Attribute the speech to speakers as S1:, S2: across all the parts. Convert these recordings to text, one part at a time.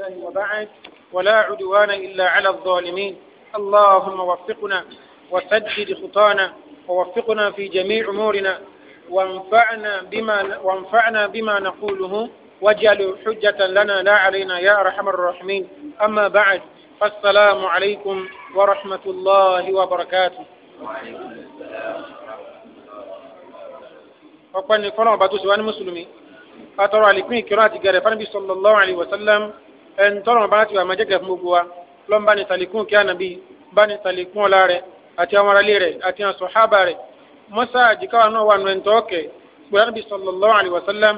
S1: الله وبعد ولا عدوان إلا على الظالمين اللهم وفقنا وسدد خطانا ووفقنا في جميع أمورنا وانفعنا بما وانفعنا بما نقوله واجعل حجة لنا لا علينا يا أرحم الراحمين أما بعد فالسلام عليكم ورحمة الله وبركاته ọ̀pẹ́ ni kọ́lọ́mọba tó ṣe wá ní mùsùlùmí àtọrọ àlékún ìkírọ́ àti gẹ̀rẹ̀ fánibí sallallahu alaihi ẹni tọrọ bá ti wà máa jẹgẹ fún gbogbo wa lọ́n bá ní sàlékún kí ànábì bá ní sàlékún ọlá rẹ̀ àti àwọn aráalé rẹ̀ àti àwọn sọ̀hábà rẹ̀ mọ́sá àjìkáwá náà wà nù ẹni tọ́ọ̀kẹ́ pé ànábì sallallahu alaihi wasallam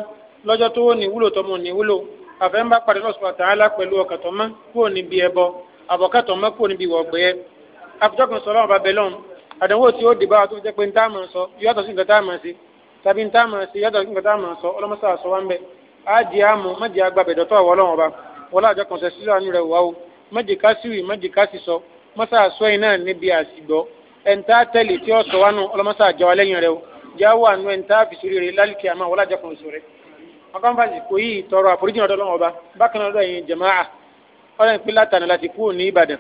S1: lọ́jọ́ tó ní wúlò tọmọ ní wúlò àfẹ́ ń bá pàdé lọ́sùn àtàlá pẹ̀lú ọkàtọ̀mọ́ kúrò níbi ẹbọ àbọ̀kàtọ̀mọ́ kúrò níbi wọ̀gbẹ́ àfijọ́kùn sọ̀rọ̀ ọba bẹ̀lọ́n àdánwò tí ó dé bá wa tó ń jẹ́ pé ntá máa sọ yàtọ̀ sí nǹkan tá máa ṣe tàbí ntá máa ṣe yàtọ̀ sí nǹkan tá máa sọ ọlọ́mọṣà sọ wá ń bẹ̀ á di àmọ́ má di agbábẹ̀dọ̀tọ̀ àwọn ọlọ́run ọba. wọlé àjọ kan sẹ́sí àánú rẹ̀ wá o mẹ́jìká síwì mẹ́jìká sì sọ mọ́sá àṣọ yìí náà níbi àsìgbọ́ ẹ̀ǹtá tẹ̀lé tí ó sọ wánú ọlọ́mọ́sá àjọ alẹ́yìn rẹ̀ o já wà nù ẹ̀ǹtá àfìsírí rẹ̀ lálùkì àmọ́ wọlé àjọ kan sọ rẹ̀. ọkọ̀nfàsì kò yí ìtọrọ àforíjì ọ̀dọ́ lọ́wọ́ ọba bákan náà lọ́yìn jẹ̀máà ọlọ́run pé látàná láti kúrò ní Ìbàdàn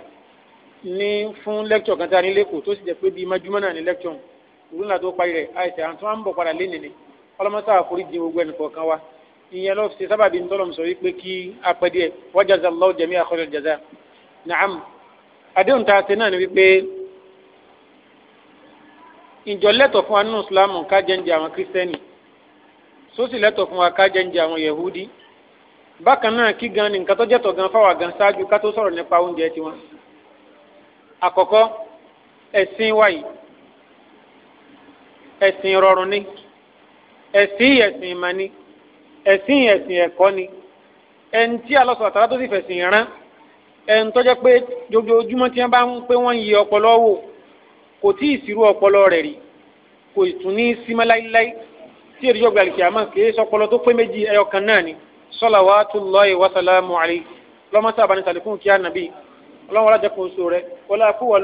S1: ní fún lẹ́kítọ̀ kan tá a ìyẹn ló fi sábàbí ntọ́lọ̀ sọ wípé kí apẹ̀dẹ̀ wa jazallahu jami'a khairal jaza na'am àdéhùn tá a ṣe náà ni wípé ìjọ lẹ́tọ̀ fún wa nínú ìsìlámù ká jẹ́ǹjẹ́ àwọn kírísítẹ́nì sósì lẹ́tọ̀ fún wa ká jẹ́ǹjẹ́ àwọn yẹ̀húdí bákan náà kí gan ni nǹkan tó jẹ́tọ̀ gan fáwa gan ṣáájú ká tó sọ̀rọ̀ nípa oúnjẹ tiwọn àkọ́kọ́ ẹ̀sìn wa ẹ̀sìn rọrùn ni ẹ̀sìn ẹ̀sìn ìmọ̀ ni ẹ̀sìn ẹ̀sìn ẹ̀kọ́ ni ẹni tí alọ́sọ̀ àtàrà tó sì fẹ̀sìn rán ẹni tó jẹ́ pé ojoojúmọ́ tí wọ́n bá ń pé wọ́n ń yẹ ọpọlọ wò kò tí ì sírú ọpọlọ rẹ̀ rí kò tún ní símọ́ láíláí tí èrè ìjọba àlùkí àmọ́ kìí sọpọlọ tó pé méjì ẹyọ kan náà ni salawatullahi wa salamu alayhi lọ́mọ́sá àbánisàlẹ̀kùn kí á nàbí ọlọ́run ọlọ́jà kò so rẹ wọlé àkúwà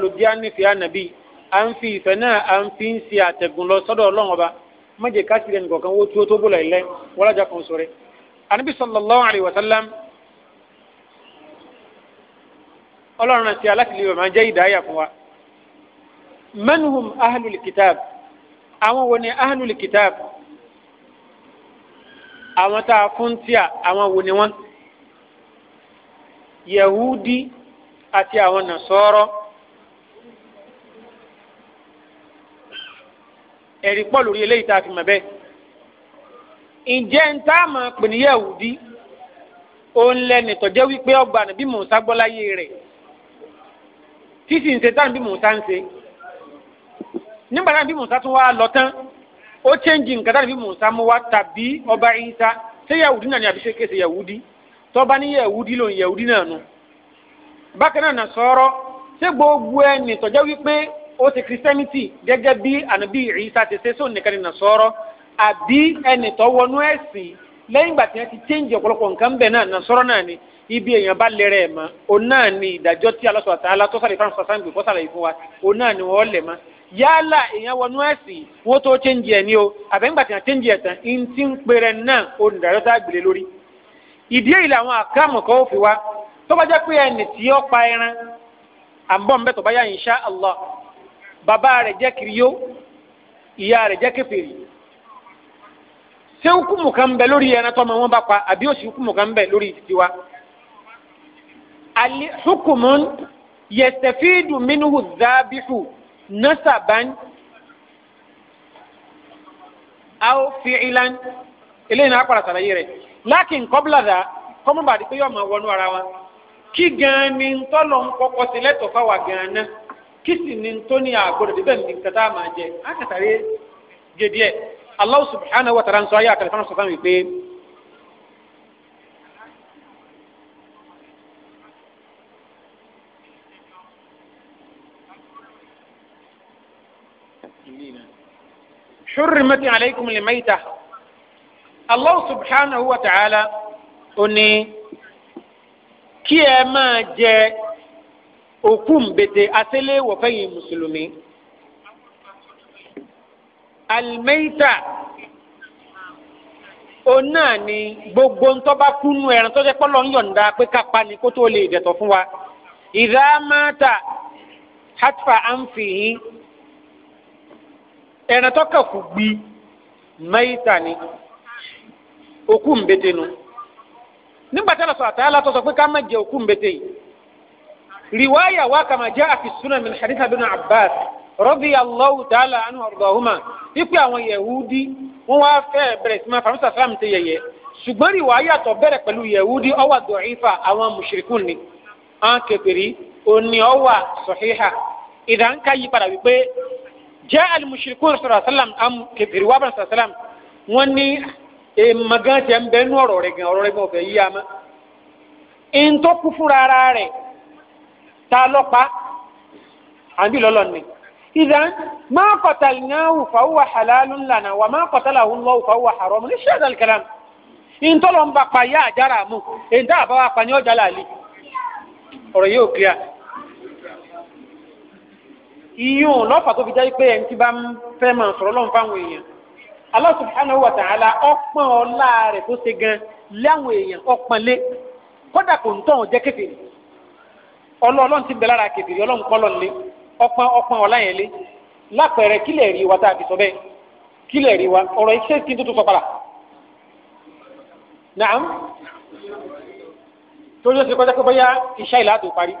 S1: ló mọ̀jẹ kásìrì ẹnì kọ̀ọ̀kan wó tí ó tó bó láìlẹ́ wọ́lájà kan sọ̀rẹ́ ànábì sallallahu alayhi wa sallam ọlọ́run àti aláṣìlẹ̀ rẹ̀ máa jẹ́ ìdáyà fún wa manhum ahlul kitab àwọn wo ni ahlul kitab àwọn tá a fún tíà àwọn wo ni wọ́n yahudi àti àwọn ẹ̀rí pọ̀ lórí eléyìí tá a fi mọ̀ bẹ́ẹ̀. ǹjẹ́ ń tá a máa pè ní Yahudi òun lẹ́nu tọ́jẹ́ wípé ọgbà nàbí Mùsá gbọ́láyé rẹ̀ tí sì ń ṣe táwọn bí ṣe. nígbà bí tún wá ó chẹ́ǹjì ọba ṣé náà ni àbí ṣe kéṣe tọ́ba ní lòun náà bákan náà ó ti christianity gẹ́gẹ́ bí ànábì Ìsá ti ṣe sóun nìkan ní nasọ́rọ́ àbí ẹnì tó wọnú ẹ̀sìn esi, ìgbà tí wọ́n ti change ọ̀pọ̀lọpọ̀ nǹkan bẹ̀ náà nasọ́rọ́ náà ni ibi èèyàn bá lẹ́rẹ̀ o mọ́ òun náà ni ìdájọ́ tí alọ́sọ̀ àtàlá a sáré fáwọn wa o náà ni wọ́n lẹ̀ mọ́ yálà èèyàn wọnú ẹ̀sìn tó change o àbẹ̀ǹgbà tí a lórí. ìdí èyí làwọn àkàmù kan ó fi tó bá jẹ́ pé ẹnì tí ó pa ẹran àbọ̀ ń Baba rẹ̀ jẹ́ kiriyó ìyá rẹ̀ jẹ́ kèfèrí ṣé hukumu kan bẹ lórí ẹran tọmọ wọn bá pa àbí òsì hukumu kan bẹ lórí títí ali hukumun yẹsẹfídù minhu zabihu nasaban aw fi'ilan eléyìí náà kpara sàlàyé rẹ̀ lakin qabla dha kọ́mọ́bàdì pé wọnú ara wa kí gan ni ntọ́lọ̀ ń sílẹ̀ tó fáwa gan kìsì ni tó ní àgbọ̀dọ̀ bíbẹ̀ ní nǹkan tá a máa jẹ á kàtàrí gèdè ẹ̀ Allah subhanahu wa ta'ala ń sọ ayé àkàlẹ̀ fana sọ̀tàn حرمت عليكم الميتة الله سبحانه وتعالى أني كي ما جاء òkú mbete asele wọ fẹ̀yìn mùsùlùmí alimẹyita ona ni gbogbo ntọba kunu ẹran tọjẹ kpọlọ nyọnda pé kápá ni kó tó lè dẹ̀tọ̀ fún wa ìdámáta hatfa anfihi ẹran tọka kù gbi ni òkú mbete nu nígbà tí a lọ sọ àtàlà tó sọ pé ká riwaya wa kama في السنن من min ابن عباس رضي الله taala عنه وارضاهما يقول àwọn yahudi wọ́n wá fẹ́ bẹ̀rẹ̀ sí máa fa musa salam ti yẹ̀yẹ́ ṣùgbọ́n rìwáyà tó pelu pẹ̀lú o wa awon mushrikun ni an kẹfìrí òní ọwà sọ̀híhà ìdáǹkà yí ha wípé jẹ́ alimushrikun sọ̀rọ̀ salam am kẹfìrí wàbà sọ̀rọ̀ salam wọ́n ní gan ta lọ́pa àbí lọ́lọ́ ni. ìdán máa kọ̀tà ìnáwó fàwọ́ hàlálù ńlànà wà máa kọ̀tà làwọn lọ́wọ́ fàwọ́ haramu ní ṣẹ́ẹ̀dà kẹlẹ́m. ìtọ́lọ̀ ń bá pa yá àjára mú èyí tá àbáwá pa ní ọjà láàlì. ọ̀rọ̀ yóò kíá. iyún lọ́fà tó fi jẹ́ pé ẹni tí bá ń fẹ́ máa sọ̀rọ̀ lọ́n fáwọn èèyàn. Allah subhanahu wa ta'ala ọpọ́n ọlá rẹ̀ tó ṣe gan láwọn èèyàn ọpọ́n lé kódà kò ń tọ̀ jẹ́ kékeré ọlọ́ọ̀lọ́n ti bẹ̀ lára kẹfìrí ọlọ́run kọ́ lọ́nlé ọpọn ọpọn ọ̀láyẹn lé lápẹẹrẹ kílẹ̀ rí wa tá a fi sọ bẹ́ẹ̀ kílẹ̀ rí wa ọ̀rọ̀ iṣẹ́ kí n tó tó sọ padà. nàám torí ó ti kọjá pé bóyá iṣẹ́ ìlà tó parí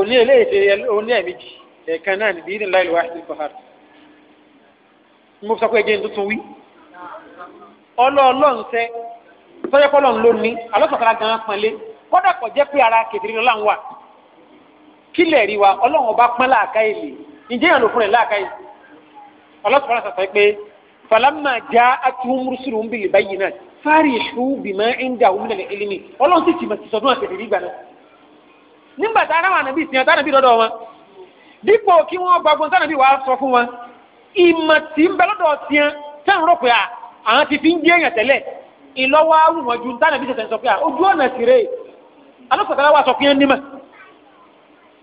S1: òní eléyìí òní ẹ̀mejì ẹ̀ẹ̀kan náà níbi ìdílé láìlú wáṣí kọ́hár mo sọ pé ẹgbẹ́ tuntun wí ọlọ́ọ̀lọ́n tẹ tọ́jọ́pọ̀ kọ́dà kọ̀ jẹ́ pé ara kẹ̀tẹ̀rì lọ́la ń wà kílẹ̀ rí wa ọlọ́run ọba pọ́n láàká ilé ǹjẹ́ yàn ló fún rẹ̀ láàká ilé ọlọ́sùn fúnra sàṣà pé falamma ja'atuhum rusuluhum bil bayyinati farihu bima indahum min al-ilmi ọlọ́run sì ti sí sọdún àtẹ̀tẹ̀ rí gbà náà nígbà tá a rà wà nàbí ìsìn àtànàbí dọ́dọ̀ wọn dípò kí wọ́n gbàgbọ́n alásọ̀tàlá wa sọ fún yẹn nímọ̀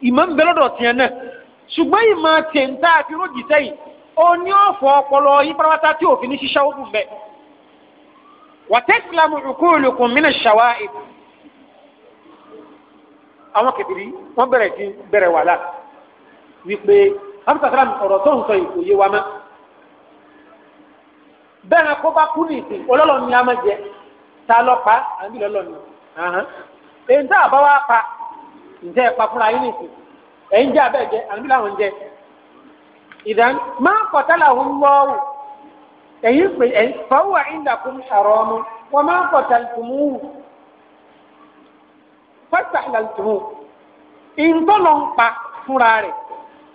S1: ìmọ̀ ń bẹ lọ́dọ̀ tiẹ̀ náà ṣùgbọ́n ìmọ̀ tiẹ̀ ń tá a fi rójì sẹ́yìn ó ní ọ̀fọ̀ ọpọlọ yí pátápátá tí òfin ní ṣíṣá òkú bẹ̀. wàtẹ́sílámù ìkúròlùkùn mí àwọn kẹfìrí wọn bẹ̀rẹ̀ sí bẹ̀rẹ̀ wàhálà wípé amúsàkàrà ọ̀rọ̀ tó ń sọ yìí yé wa mọ́ bẹ́ẹ̀ ni kó bá kú nìsín ọlọ́lọ́ ni èyí tá a bá wá pa ǹjẹ́ ẹ̀pà fúnra yín nìsín ẹ̀yìn jẹ́ abẹ́ jẹ́ àbí làwọn jẹ́ ìdáni máa kọ̀tà làwọn lọ́rù ẹ̀yìn pè ẹ̀ fọwọ́ ìdàkùn ṣàrọ̀ ọmọ wọn máa kọ̀tà tùmù fọ́tà làtùmù ìǹtọ́lọ̀ ń pa fúnra rẹ̀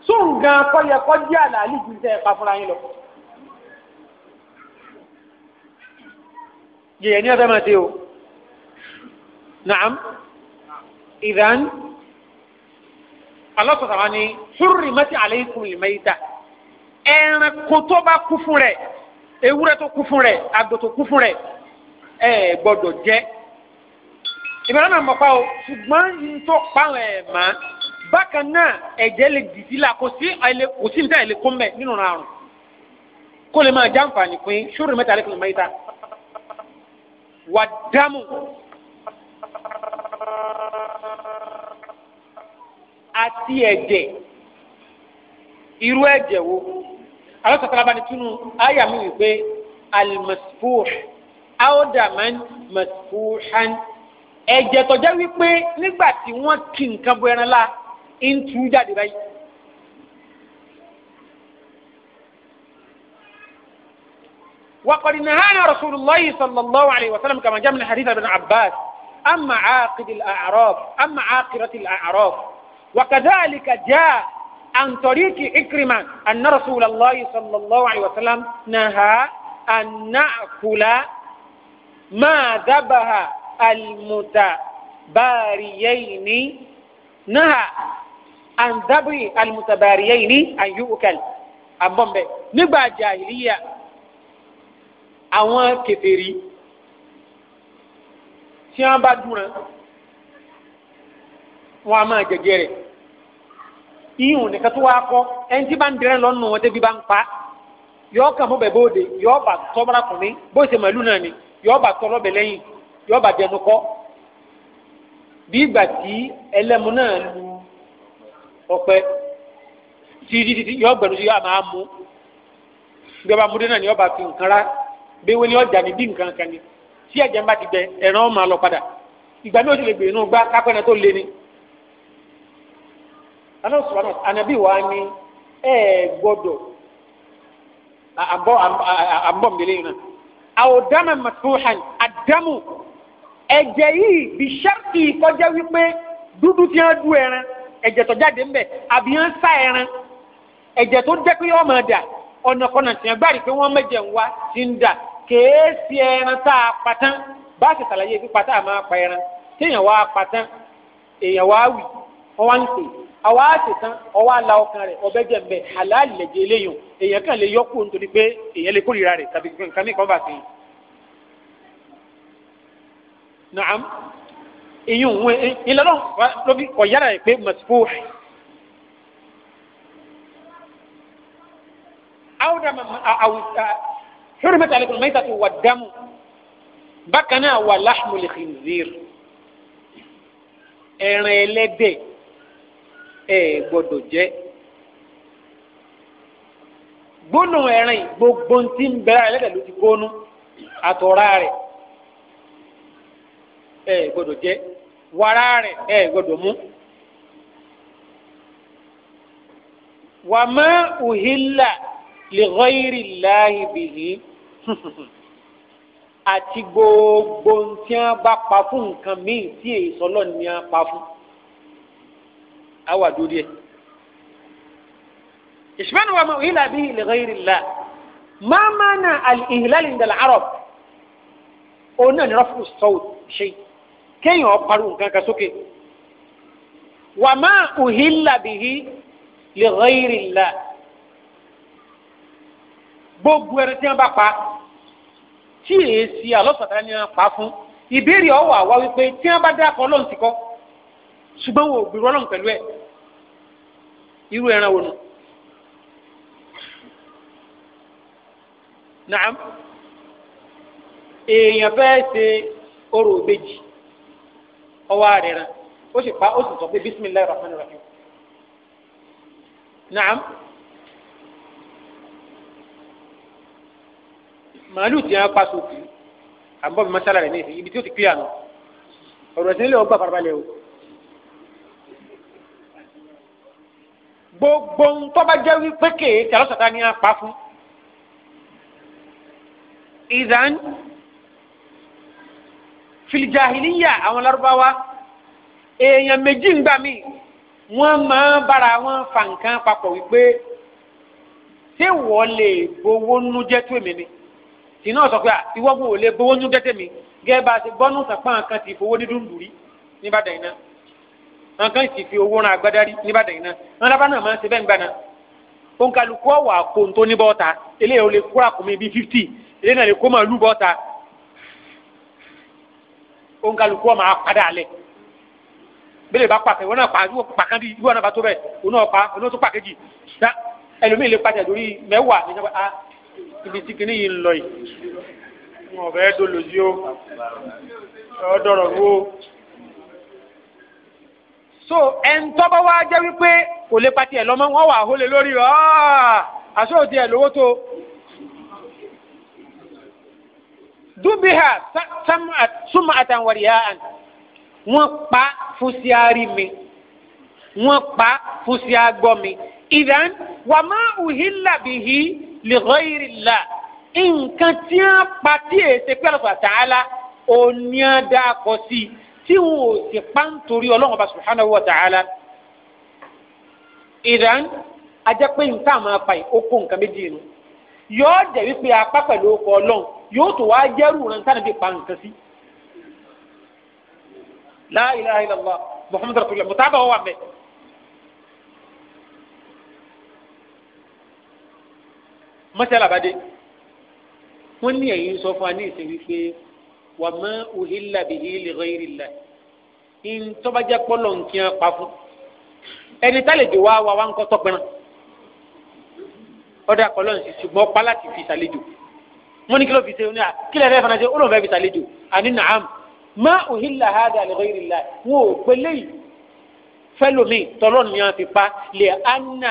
S1: sóun gan kọ́yẹ kọ́jẹ́ àlàálì ju ǹjẹ́ ẹ̀pà fúnra yín lọ. yẹ̀yẹ̀ ni ọ̀fẹ́ نعم إذا الله wa ni عليكم الميتة أنا limaita ẹranko tó bá kú fún rẹ̀ ewúrẹ́ tó kú fún rẹ̀ àgbò tó kú fún rẹ̀ ẹ gbọ́dọ̀ jẹ ìbára náà mọ̀ pa o ṣùgbọ́n ntọ́ pààrọ̀ ẹ̀ máa bákan náà ẹ̀jẹ̀ lè dìtì la kò sí kò sí níta ẹ̀ kó mẹ́ nínú àrùn kó lè máa jáǹfààní pín ṣúrù mẹ́ta lẹ́kùn mẹ́ta wà dáàmú àti ẹ̀jẹ̀ irú ẹ̀jẹ̀ wo àwọn sàtàlábàní túnú àyà mi wípé alimasifuh aodaman masifuhan ẹ̀jẹ̀ tọ́já wípé nígbà tí wọ́n kí nǹkan bọ ẹran la ń tú jáde báyìí. وقد نهانا رسول الله صلى الله عليه وسلم كما جاء من حديث ابن عباس أما عاقد الأعراب أما عاقرة الأعراب وكذلك جاء عن طريق إكرمة أن رسول الله صلى الله عليه وسلم نهى أن نأكل ما ذبح المتباريين نهى أن ذبح المتباريين أن يؤكل أبومبي نبا جاهلية أوان كفري tí wọ́n bá dúró wọn a máa jẹjẹ rẹ̀ ihun nìkan tó wáá kọ́ ẹni tí bá ń dẹrẹ́ lọ́nù wọn débi bá ń pa yọ̀ọ́ kàn fún bẹ̀ bóde yọ̀ọ́ bà tọ́bọ̀rà kùn ní bó ṣe màlúù náà ni yọ̀ọ́ bà tọ́ lọ́bẹ̀ lẹ́yìn yọ̀ọ́ bà dẹnu kọ́ bí ìgbà tí ẹlẹ́mu náà lu ọ̀pẹ títí yọ̀ọ́ gbẹ̀nu sí yọ̀ọ́ máa mú ìjọba múdé náà ni yọ̀ọ́ bà fi nǹkan rá bí wọ́n ní ọjà ní bí nǹkan kan ni tí ẹ̀jẹ̀ bá ti gbẹ ẹran ọmọ àlọ padà ìgbà mi ò sì lè gbè inú gbá kápẹ́nà tó lé ni. anáwó sọ̀rọ̀ ànábì wa ni ẹ gbọ́dọ̀ àbọ̀ àbọ̀ mbẹ́lẹ́ yìí náà. àwòdámà màtúhàn àdámù ẹ̀jẹ̀ yìí bí sẹ́ẹ̀kì kọjá wípé dúdú tí wọ́n dú ẹran ẹ̀jẹ̀ tó jáde ńbẹ̀ àbí wọ́n sá ẹran ẹ̀jẹ̀ tó jẹ́ pé ọmọ dà ọ̀nà kọ́nà tí wọ́n rí pé wọ́n mẹ́jẹ̀ ń wá ti ń dà kèé sí ẹran tá a patán bá a ti sàlàyé pípa tá a máa pa ẹran tí èèyàn wá patán èèyàn wá wì ọwá ń pè àwa àti tán ọwá la ọkàn rẹ ọbẹ jẹ mbẹ aláàlì lẹjẹ eléyàn èèyàn kàn lè yọ kó nítorí pé èèyàn lè kórìíra rẹ tàbí nǹkan mìíràn bá fi. naam ìyún wọn ìlànà lóbi ọ̀yára rẹ pé mọ̀sífò rẹ. àwùjọ. حرمت عليكم الميتة والدم بكنا ولحم الخنزير ẹran ẹlẹ́dẹ̀ ẹ gbọ́dọ̀ jẹ gbónú ẹran yìí gbogbo ntí ń bẹ̀rẹ̀ ẹlẹ́dẹ̀ ló ti gbónú àtọ̀rá rẹ̀ ẹ gbọ́dọ̀ jẹ wàrà rẹ̀ ẹ gbọ́dọ̀ mú. wàmọ́ òhìlà li ghayri llahi bihi àti gbogbo tí wọn bá pa fún nǹkan míì tí èyí sọlọ ni wọn pa fún àwa dúró díẹ̀. ìṣùpẹ́ni wa máa ìlà bíi li ghayri llah máa máa na al-ihlal arab òun náà ni rọ́fù sọ́wọ́ ṣe kéèyàn pariwo nǹkan kan sókè wa ma uhilla bihi li ghayri llah. gbogbo ẹni tí wọn bá pa tí èsì àlọ́sọ̀tà ni wọn pa fún ìbéèrè ọ̀wọ̀ àwa wípé tí wọn bá dákọ̀ ọlọ́run ti kọ́ ṣùgbọ́n wọn ò pẹ̀lú ẹ̀ irú ẹran nù. naam èèyàn fẹ́ ṣe orò ìbejì ọwọ́ ó sì pa ó sì sọ bisimilayi rahman rahim naam. màálù tí wọn pa sókè àbọ̀ bí masala rẹ̀ ní ìsìn ibi tí ó ti kílíà nù ọ̀rọ̀ ìsìn ilé ọgbà farabalẹ̀ o. gbogbo ń tọ́ba jẹ́ wípé kéè tí alọ́sọ̀tà ni a pa fún. ìdán filijahiliya àwọn Lárúbáwá èèyàn méjì ń gbà mí wọ́n máa bára wọn fa nǹkan papọ̀ wípé ṣé wọ́n lè gbowó nú tó èmi ni tìǹà sọ pé ìwọ́gbọ̀n ò lè gbowó ní gẹ́tẹ́ mi gẹ́gẹ́ bá a ti gbọ́nù sàpá nǹkan ti fowó dídùn dùrí níbàdàn iná nǹkan ti fi owó ran agbádárí níbàdàn iná wọn lábá náà máa ń ṣe bẹ́ẹ̀ ń gbaná òǹkàlùkù ọ̀wà kò tó ní bọ́ọ̀ta eléyìí ò lè kó àkùnmí bíi fifty eléyìí náà lè kó màálù bọ́ọ̀ta òǹkàlùkù ọ̀ máa padà alẹ̀ bẹ́ẹ̀ lè bá pàṣẹ wọn náà pa pàkán bíi ìwọ náà bá tó bẹ́ẹ̀ òun náà pa òun náà tó pàkejì ẹlòmíì lè padà lórí mẹ́wàá níjọba ibi tí kìíní yìí ń lọ yìí wọn ọ̀bẹ dolójú ó ọ̀dọ̀rọ̀ wo. so ẹn tó bá wá jẹ́ wípé kò lè pati ẹ̀ lọ́mọ wọn wà á hólé lórí rẹ̀ ah, àṣọ òdi ẹ̀ lówó tó. dúbìhà súnmọ́ àtàwọ̀rì yá pa fún síárì mi wọ́n pa fún síágbọ́ mi ìdán wàmọ́ òhìlàbìhì li ghayri Allah nǹkan tí a pa tí èsè a ta'ala òní àdàkọ sí tí wọn ò sì pa nítorí Ọlọ́run Ọba subhanahu wa ta'ala. ìdán ajẹ́ pé nǹkan àmọ́ apá yìí ó kó nǹkan méjì nù yóò jẹ́ wípé apá pẹ̀lú ọkọ̀ Ọlọ́run yóò tó wá jẹ́rù rẹ̀ nítorí bí pa nǹkan sí. la ilaha illallah muhammadu rasulillah mutaba wà mẹ́ẹ̀. mọ́ṣálà bá dé wọ́n ní ẹ̀yin sọ fún wa ní ìsìn wípé wà má uhilla bihi li ghayrillah ntọ́bajẹ́ pọ́lọ̀ nkíá pa fún ẹni tá lè jò wá wa wá ń kọ́ tọ́pẹ́rán ọ̀dà kọ́lọ́ ń sì ṣùgbọ́n pa láti fi ṣàlejò wọ́n ní kí ló fi ṣe ó ní à kí lẹ́ẹ̀rẹ́ fana ṣe ó lóun fẹ́ fi ṣàlejò àní nàám má uhilla hada li ghayrillah wọn ò pélé yìí fẹ́lómi tọ́lọ́ ni wọ́n fi pa lè anna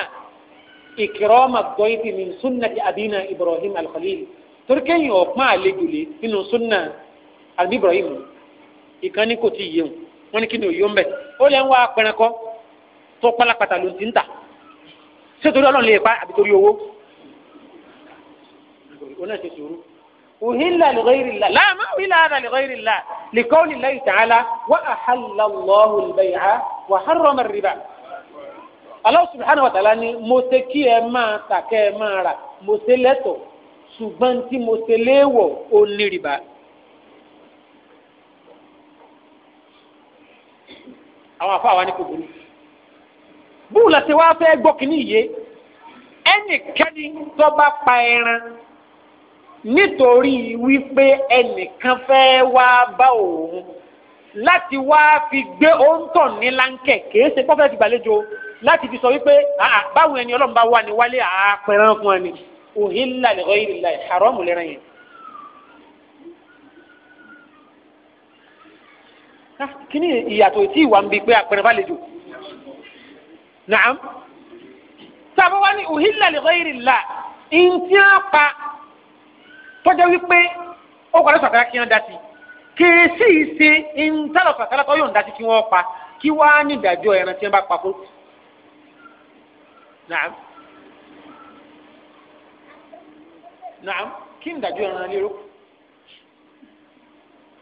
S1: ìkìrọ́mà gbọ́yìí ní sunna ti adina ibrahim alkhalil torí kéyìn ọ̀pọ̀n àlejò lé nínú sunna àbí ibrahim ìkànnì kò tí ì yéwu wọn ni kí ni òye ń bẹ ó lè ń wá pẹrẹkọ tó pálápàtà ló ti ń tà ṣé torí ọlọ́run lè pa àbí torí owó òun náà ṣe sùúrù uhilla lighayrilla la ma uhilla hadha lighayrilla liqawli llahi wa ahalla Allahu wa harrama riba Allah subhanahu wa ta'ala ni mo ṣe kí ẹ máa tà kẹ́ ẹ máa rà mo ṣe lẹ́tọ̀ ṣùgbọ́n tí mo ṣe léèwọ̀ ó ní rìbá. àwọn afọ àwa ní kò burú búù láti wá fẹ́ gbọ́ kínní yìí ẹnìkẹ́ni tó pa ẹran nítorí wípé ẹnìkan fẹ́ wá bá òun láti wá fi gbé òǹtọ̀ ní láńkẹ̀ kìí pọ́fẹ́ ti gbàlejò láti fi sọ wípé báwo ẹni ọlọ́run bá wà ní wálé àpẹẹrẹ fún ẹni òhìnlá lè rọ́yìn ìlà àrọ́mù lẹ́rẹ̀ yẹn. Ah, kí ni ìyàtọ̀ tí ìwà ń bi pé àpẹẹrẹ bá lè jò nàám sábà wá ní òhìnlá lè rọ́yìn ìlà ìntí á pa tọ́jà wípé ó kọ́ lọ́sọ̀tàrà kí wọ́n dá sí kèésì ṣe ìntàlọ́sọ̀tàrà tó yóò dá sí kí wọ́n pa kí wàá nídàájọ́ ẹran tí wọ́n bá pa kó naam naam kí n dájú ẹran lérò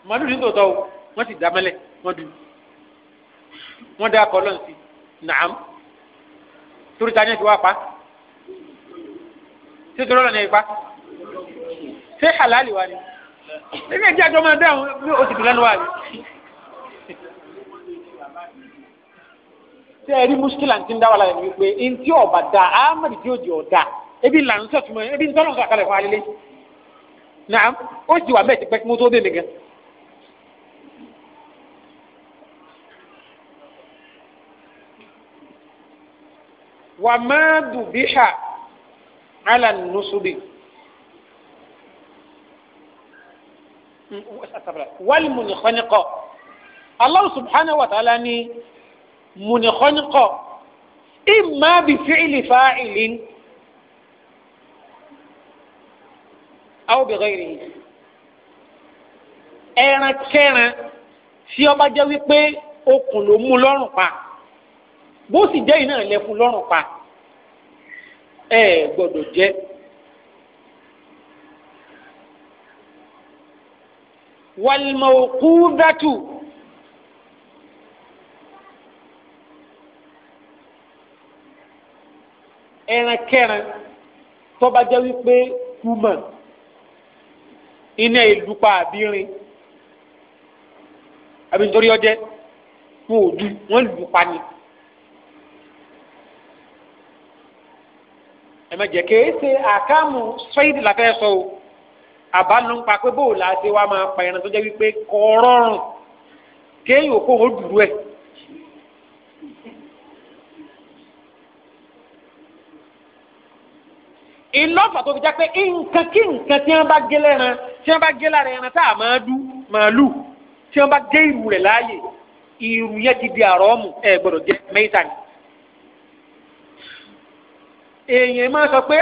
S1: màdùn ní tòótọ́ o wọ́n ti dá mẹ́lẹ̀ wọ́n dùn wọ́n dá akọ lọ́nà sí naam torí ta ni ẹ ti wá pa ṣé torí ọ̀nà ẹ pa ṣé halali wa ni ẹ ní ẹ jẹ́ àjọ máa dáhùn ó sì dùn lẹ́nu wa ni. ṣé ẹ rí muskila ti ń dá wà láyé wípé ntí ọba da amadi tí ó di ọ̀dà ebi là ń sọ̀tún mọ́ ebi ntọ́nà ń sọ̀kalẹ̀ fún alẹ́ náà ó jì wà bẹ́ẹ̀ ti pẹ́ kí mo tó bẹ́ẹ̀ mi gan. wà má dùbíhà alànùsùbì. wàlùmùnì kọ́nìkọ́ Allah subhanahu wa ta'ala ni mùnìkọ́nìkọ́ ìmọ̀ bí fíìlì fáìlì àwọn obìnrin rèé ẹran kẹran tí ọba jẹ́ wípé okùn ló mú lọ́rùn pa bó sì jẹ́ iná lẹ́kùn lọ́rùn pa ẹ gbọ́dọ̀ jẹ́. wàlmọ̀kú dátù. ẹran kẹrin tọba jẹ wípé kùmọ iná ìlúpa àbírin àbí nítorí ọjẹ wọn ò du wọn lù pa ni. ẹ̀mẹ̀jẹ̀ kìí ṣe àkàmù sọ́yìdì la fẹ́ sọ o àbánu pa pé bóòlù àti wa máa pa ẹran tó jẹ́ wípé kọ́ kéèyàn kó o dùrú ẹ̀. ìlọ́fà tó fi já pé nǹkan kí nǹkan tí wọ́n bá gé lẹ́ran tí wọ́n bá gé lára ẹran tá a máa dú màálù tí wọ́n bá gé ìrù rẹ̀ láàyè ìrù yẹn ti di àrọ́ọ̀mù ẹ gbọ́dọ̀ jẹ mẹ́ta ni. èèyàn máa sọ pé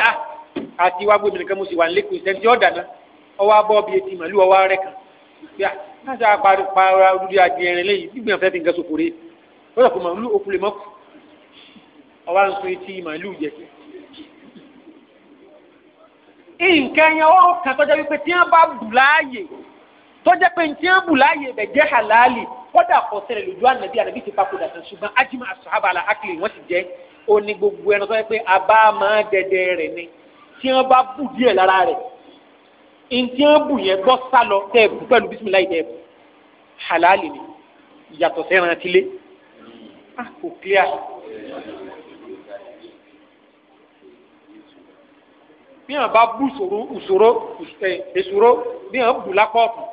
S1: àti wàá gbẹmí nìkan mo sì wà nílé kò sẹ́ńtì ọ̀dà náà ọwọ́ abọ́ bíi etí màálù ọwọ́ rẹ̀ kan bíi àti àpárá olùdí adìẹrin lẹ́yìn gbígbìn àfẹ́ fi nǹkan sòfò rè é wọ́n sọ pé màálù òkú lè mọ́kù ọwọ́ à ń so etí màálù jẹ nǹkan yẹn wọ́n kàn tọ́jà wípé tí wọ́n bá bù láàyè tọ́jà pé tí wọ́n bù láàyè bẹ̀ jẹ́ halali kọ́dà kọ́ sẹ́lẹ̀ lójú ànàbí ànàbí ti pa kódà sàn ṣùgbọ́n ajímọ̀ àṣàbà àlà ákìlì wọ́n ti jẹ́ oní gbogbo ẹni tó yẹ pé abá máa dẹdẹ rẹ̀ ni tí wọ́n bá bù díẹ̀ lára rẹ̀ ntí wọ́n bù yẹn bọ́ sálọ tẹ́ bù pẹ̀lú bisimilayi tẹ́ halali ni ìyàtọ̀ sẹ́ran tilé ah kò clear. bí wọn bá bú sòro ìṣòro ìṣòro bí wọn bù lápá ọ̀tún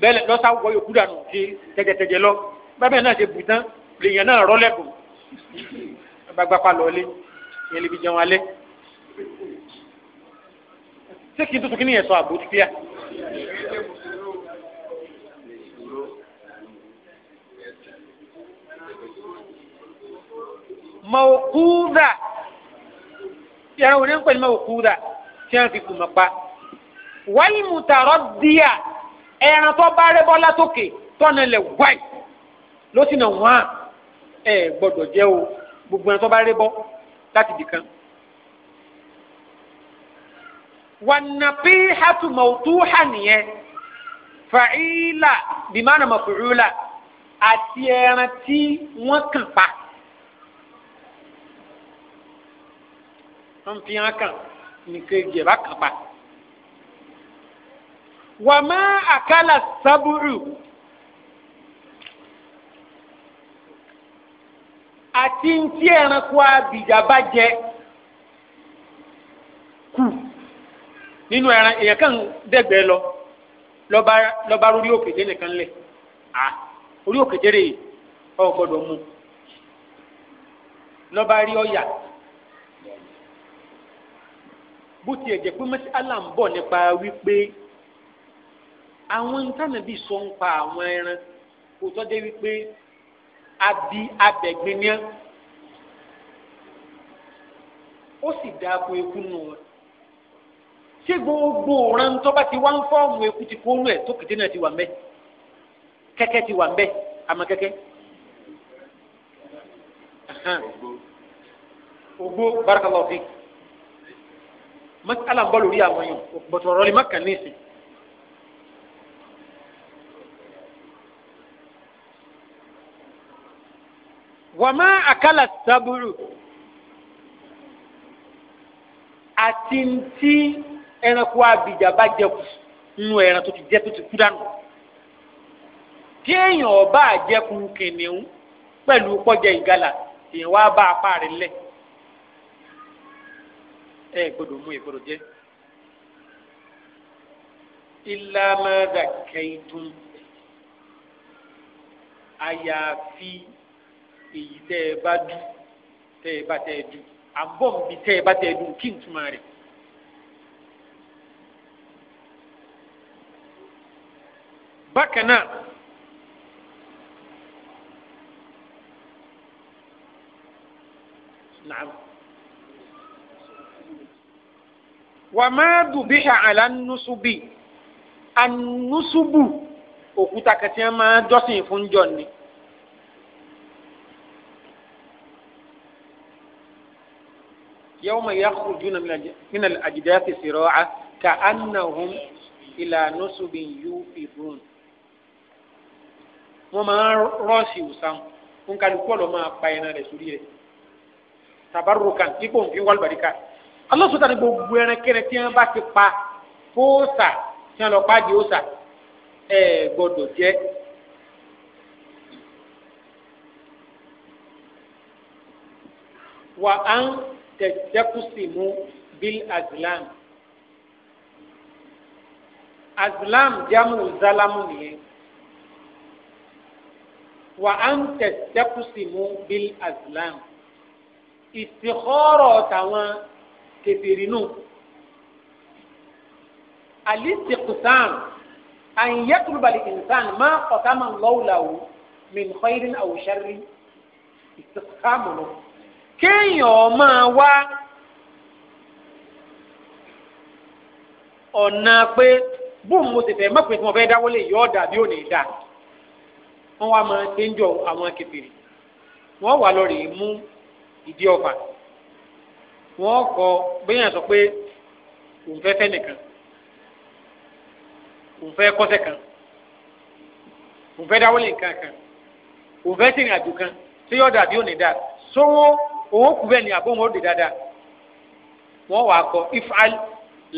S1: bẹ́ẹ̀ lọ́sà wọ yòókù dànù di tẹ̀jẹ̀tẹ̀jẹ̀ lọ bábẹ́ náà ṣe bù tán lèèyàn náà rọ́lẹ́gùn abagbapa lọ́ọ́lé ìyẹn lè fi jẹun alẹ́
S2: ṣé kí n tuntun kí ni yẹn sọ àbò ti fíà.
S1: mọ̀ọ́kúdà yàrá òní ń pè ní mọ̀ọ́kúdà tí wọ́n fi kù mọ́ pa. wáyé mùtàrọ́ díà ẹran tó bá rẹ́ bọ́lá tókè tọ́nà lẹ̀ wáì ló sì nà wọ́n à ẹ̀ gbọ́dọ̀ jẹ́ o gbogbo ẹran tó bá rẹ́ bọ́ láti dìkan. wànàbí hàtùmọ̀tù hà nìyẹn fàáìlà bìmánà mọ̀fùrúlà àti ẹran tí wọ́n kàn pa. wọ́n fi hàn kàn nìkejì ẹ̀ bá kàn akala saburu, má àkàlà sábúrù àti ntí ẹranko abìjà bá jẹ kù nínú ẹran èèyàn kàn dẹgbẹ lọ lọba lọba orí òkèjé nìkan lẹ à orí òkèjé rèé ọ bó tiẹ̀ jẹ́ pé mẹ́sàlá ń bọ̀ nípa wípé àwọn ntànàbí sọ ń pa àwọn ẹran kò tọ́jú wípé abi abẹ̀gbẹ́niá ó sì dáko eku nù wọn ṣé gbogbo òran tó bá ti wá ń fọ́ọ̀mù eku ti kó nù ẹ̀ tó kété náà ti wà mẹ́ kẹ́kẹ́ ti wà mẹ́ àmọ́ kẹ́kẹ́ ogbó barakallahu masala ń bọ́ lórí àwọn yòó bọ̀tọ̀ ọ̀rọ̀ lè má kàn ní ìsìn. wàmá àkàlà sábúrú àti ntí ẹranko abidjan bá jẹkù nínú ẹran tó ti jẹ tó ti kú dànù kéèyàn ọba àjẹkù kìnìún pẹ̀lú pọ́jẹ ìgalà èèyàn wá bá apá rẹ̀ lẹ́ẹ̀ ẹ gbọ́dọ̀ mú ẹ gbọ́dọ̀ jẹ illa ma zakaytum àyàfi èyí tẹ ẹ bá dù tẹ ẹ bá tẹ dù àbọ̀nbi tẹ ẹ bá tẹ dù kí n túmọ̀ rẹ̀. bákan náà naam. wàmá dùbí àlà nùsùbì ànùsùbù òkúta kẹtì ẹ máa jọ́sìn fún jọ ni. yawma yakhrujuna min al-ajdathi sira'a ka'annahum ila nusubin yufidun. wọ́n máa ń rọ́ọ̀sì òsàn fún kálukú ọ̀lọ́ máa pa ẹran rẹ̀ sórí rẹ̀ tabarukan kíkó nǹkan wàlúbàríkà alọ́sọ̀tà ni gbogbo ẹrẹkẹrẹ tí wọ́n bá ti pa fóòsà tí wọ́n lọ pa di òòsà ẹ gbọ́dọ̀ jẹ́. wà á ń tẹ̀síẹ́kùsìmù bíl azlam azlam jamu zalamu nìyẹn wà á ń tẹ̀síẹ́kùsìmù bíl azlam ìsìkọ́rọ̀ tàwọn kẹfìrì nù. àlìsí kùsàn àyẹ̀tùlùbàlì ìnsàn máa kọ̀tàmà lọ́wọ́làwò min khairin aw sharri ìsìkàmù nù. kéèyàn máa wá ọ̀nà pé bóun mo sì fẹ́ mọ́pin tí mo fẹ́ dáwọ́lé yọ̀ ọ́ dàbí ò ní í dà wọ́n wá máa ṣe ń jọ àwọn kẹfìrì wọ́n wà lọ́ọ́ mú ìdí ọ̀fà wọ́n kọ bẹ́yàn sọ pé òun fẹ́ fẹ́ nìkan òun fẹ́ kọ́sẹ̀ kan òun fẹ́ dáwọ́lé nǹkan kan òun fẹ́ sìnrìn àjò kan tí yọ̀ọ́ dàbí òní dà sówó òun kù bẹ́ẹ̀ ni àbó wọn ò dé dáadáa wọ́n wàá kọ ifal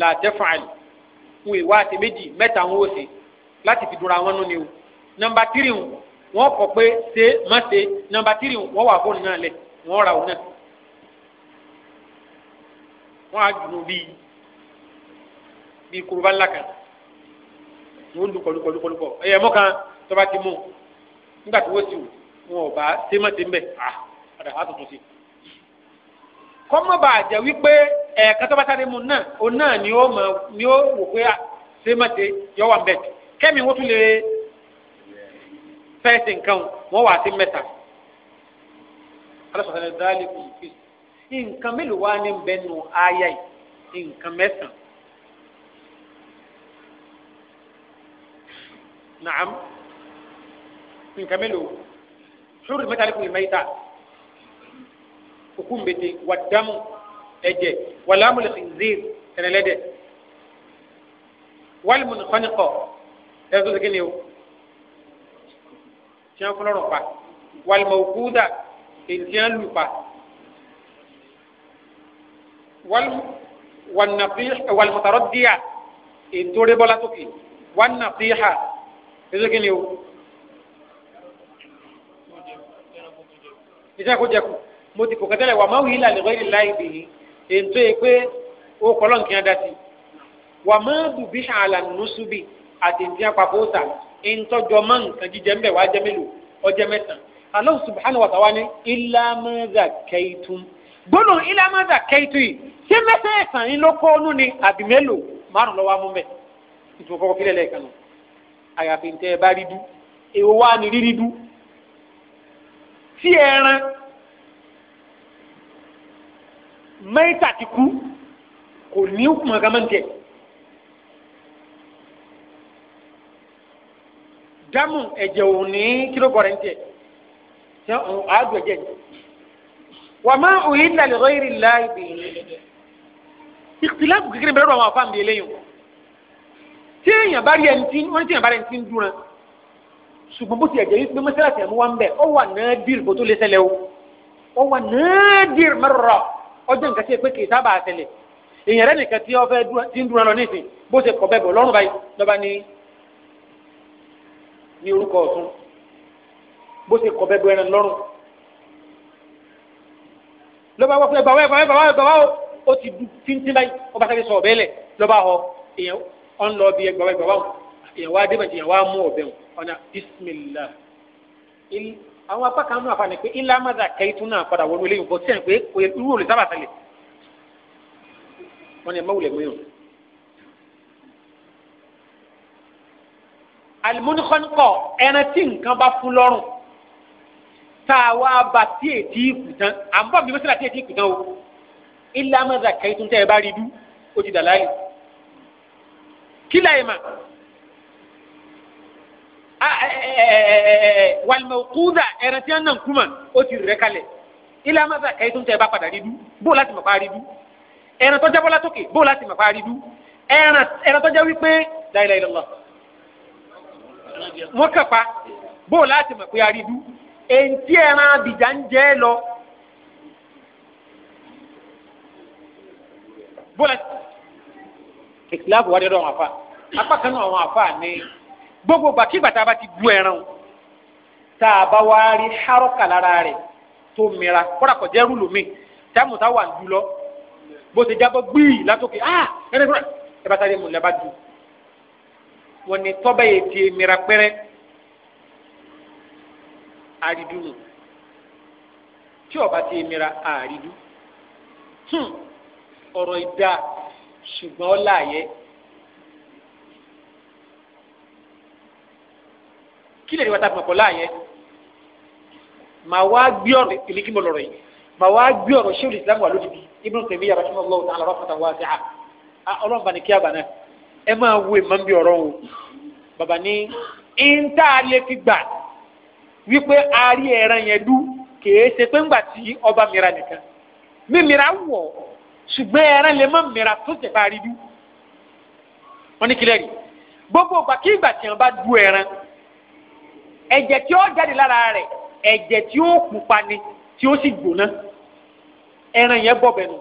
S1: la defal fún ìwà àti méjì mẹ́ta wọn ò ṣe láti fi dúnra wọn nú ni o nọ́mbà tírì wọn kọ pé ṣe má ṣe nọ́mbà tírì wọn wà fóònù náà lẹ wọn ra òun náà wọn á dùn bíi bíi kuruba ńlá kan wọn lu kọlu kọlu kọlu kọ ẹyẹ mọ kan tọba ti mú nígbà tí wọn sì wọn ò bá sèmọtì ń bẹ à padà wà tuntun sí. kọ́mọ́bà àjẹ́ wípé ẹ̀ẹ̀kan tọ́ba sáré mu náà òun náà ni ó mọ̀ ni ó wò pé sèmọtì yọ wà ń bẹ̀ kẹ́mi wọ́n tún lè fẹ́ẹ̀sì nǹkan wọ́n wà sí mẹ́ta. alásọ̀tàn ni dáálì kùn fi nǹkan mélòó wá ní bẹ́ẹ̀ nù ayá yìí nǹkan mẹ́sàn-án. Naam nǹkan mélòó ṣúrù mẹ́ta lẹ́kùn ìmọ̀ ìta òkun bètè wà dámù ẹ̀jẹ̀ wà lámùlẹ̀ khinzir ẹ̀rẹ̀lẹ́dẹ̀ wàlùmùn kọ́nìkọ̀ ẹ̀rọ tó ṣe ni o tiɲɛ fɔlɔ pa walima o kuda kentiɛn lupa wàlùmọ̀tàrọ́díà ètò rẹ́bọ́lá tókè wànàfíhà ètò kí ni o. iṣẹ́ kó jẹ́ kú mo ti kò kẹ́tẹ́lẹ̀ wà máa wù yí làlẹ́ rẹ́ ìlà ìbìyí ètò yìí pé ó kọ́ lọ́nkì yẹn dá sí wà máa dùbí àlà nùsùbì àti ìdíyàn papọ̀ ọ̀sà ìtọ́jọ́ máa nǹkan jíjẹ ń bẹ̀ wá jẹ́ mélòó ọjẹ́ mẹ́sàn-án Allah subhanahu wa ni ilá mẹ́za kẹ́ẹ̀tún gbọ́dọ̀ ilá mẹ́za kẹ́ẹ̀tún yìí ṣé mẹ́sẹ̀ẹ̀sán yín ló kó nú ni àbí mélòó márùn lọ́wọ́ amú mẹ́ ìtumọ̀ kọ́kọ́ kílẹ̀ lẹ́ẹ̀kan nù àyàfi ntẹ́ ẹ bá rí dú èwo wá ní rírí dú tí ẹran mẹ́ta ti kú kò ní kùmọ̀ kan máa ń tẹ̀. dámù ẹ̀jẹ̀ ò ní kíló kọ̀rẹ́ ń tẹ̀ ṣé àádùn ẹ̀jẹ̀ wàmá òyìnbó lè rọ́ ìrìlá ìbí ìtìláàbù kékeré bẹ̀rẹ̀ lọ́wọ́ àwọn afáàmì eléyìí tí èèyàn bá rí ẹni tí wọ́n ní tí èèyàn bá rí ẹni tí ń dúnra ṣùgbọ́n bó ti ẹ̀jẹ̀ yìí pé mọ́sálásí ẹ̀mú wa ń bẹ̀ ọ wà náà dìrì bó tó lé ṣẹlẹ̀ o ọ wà náà dìrì mẹ́rọ̀rọ̀ ọjọ́ nǹkan tí ẹ pé kì í sábà ṣẹlẹ̀ èèyàn rẹ nìkan tí ọfẹ́ ti ń dúnra lọ nísìn bó ṣe kọ̀ bẹ́ẹ̀ bọ̀ lọ́rùn báyìí lọ́ba ní ní orúkọ ọ̀tún bó ṣe kọ̀ bẹ́ẹ̀ bọ̀ ẹran lọ́rùn lọ́ba wọ́n fún ẹ gbà wá ẹ o o ti du o báyìí ó bá sáré sọ ọ̀bẹ lẹ̀ lọ́ba họ èèyàn ọ̀n lọ bí ẹgbàá o wọn èèyàn wá débẹ̀ èèyàn wá mú o wọn ọ̀nà bisimilá àwọn apá kan náà fani pé ilá má dàkẹ́ ìtún náà padà wọnú eléyìí bọ́ sí o pé irú olè sábà tẹ̀lé wọn ni ẹ má wulẹ̀ o yàn. alimunikọ́nikọ́ ẹran tí nǹkan bá fún lọ́rùn tá a wá ba tí èdè ìkùtàn à ń bọ̀ bí wọ́n sì là tí èdè ìkùtàn o ilé amáza kẹ́yìntún tẹ́ ẹ bá rí dú ó ti dàlá yìí kí láyé mà walima kúza ẹ̀rẹ̀ tí wọ́n nà ó ti rẹ̀ kalẹ̀ ilé amáza kẹ́yìntún tẹ́ ẹ bá padà rí dú bó láti mọ̀ pa rí dú ẹ̀rẹ̀ tó jábọ́ bó láti mọ̀ pa rí dú ẹ̀rẹ̀ tó wípé la ilaha illallah wọ́n bó láti mọ̀ pé rí dú èntí ẹ̀rẹ̀ abìjà jẹ́ lọ. bóla ìsìláàbù wà dẹ́dọ̀ àwọn afa apá kan náà àwọn afa ní gbogbo gbà kí bàtà bá ti du ẹran tá a bá wá rí hárọ́kà lára rẹ̀ tó mìíràn kọ́ra kò jẹ́ rúlù mi táàmù tá wà ń du bó ti jábọ́ gbìyì látòkè ah ẹ̀rẹ́ fúnra ẹ̀ bá sáré mu lẹ́ bá du wọ́n ní tọ́bẹ̀ yìí ti mìíràn pẹ́rẹ́ àrídùnú tí ọba ti mìíràn àrídù. ọ̀rọ̀ ìdá ṣùgbọ́n láàyè. kí lè ní ta láàyè màá wá gbé ọ̀rọ̀ ìpínlẹ̀ kí mo lọ̀rọ̀ yìí màá wá gbé ọ̀rọ̀ ṣé bíi ọlọ́run bá ní kí ẹ máa wo bí ọ̀rọ̀ o bàbá ní lè fi gbà wípé yẹn dú ṣe pé ńgbà tí ọba mìíràn nìkan ṣùgbọ́n ẹran lè má mìíràn tó ṣe parí dú wọn ní kílẹ̀ rí gbogbo ìgbà kí ìgbà tí wọn bá du ẹran ẹ̀jẹ̀ tí ó jáde lára rẹ̀ ẹ̀jẹ̀ tí ó pupa ni tí ó sì gbóná ẹran yẹn bọ̀ bẹ̀nu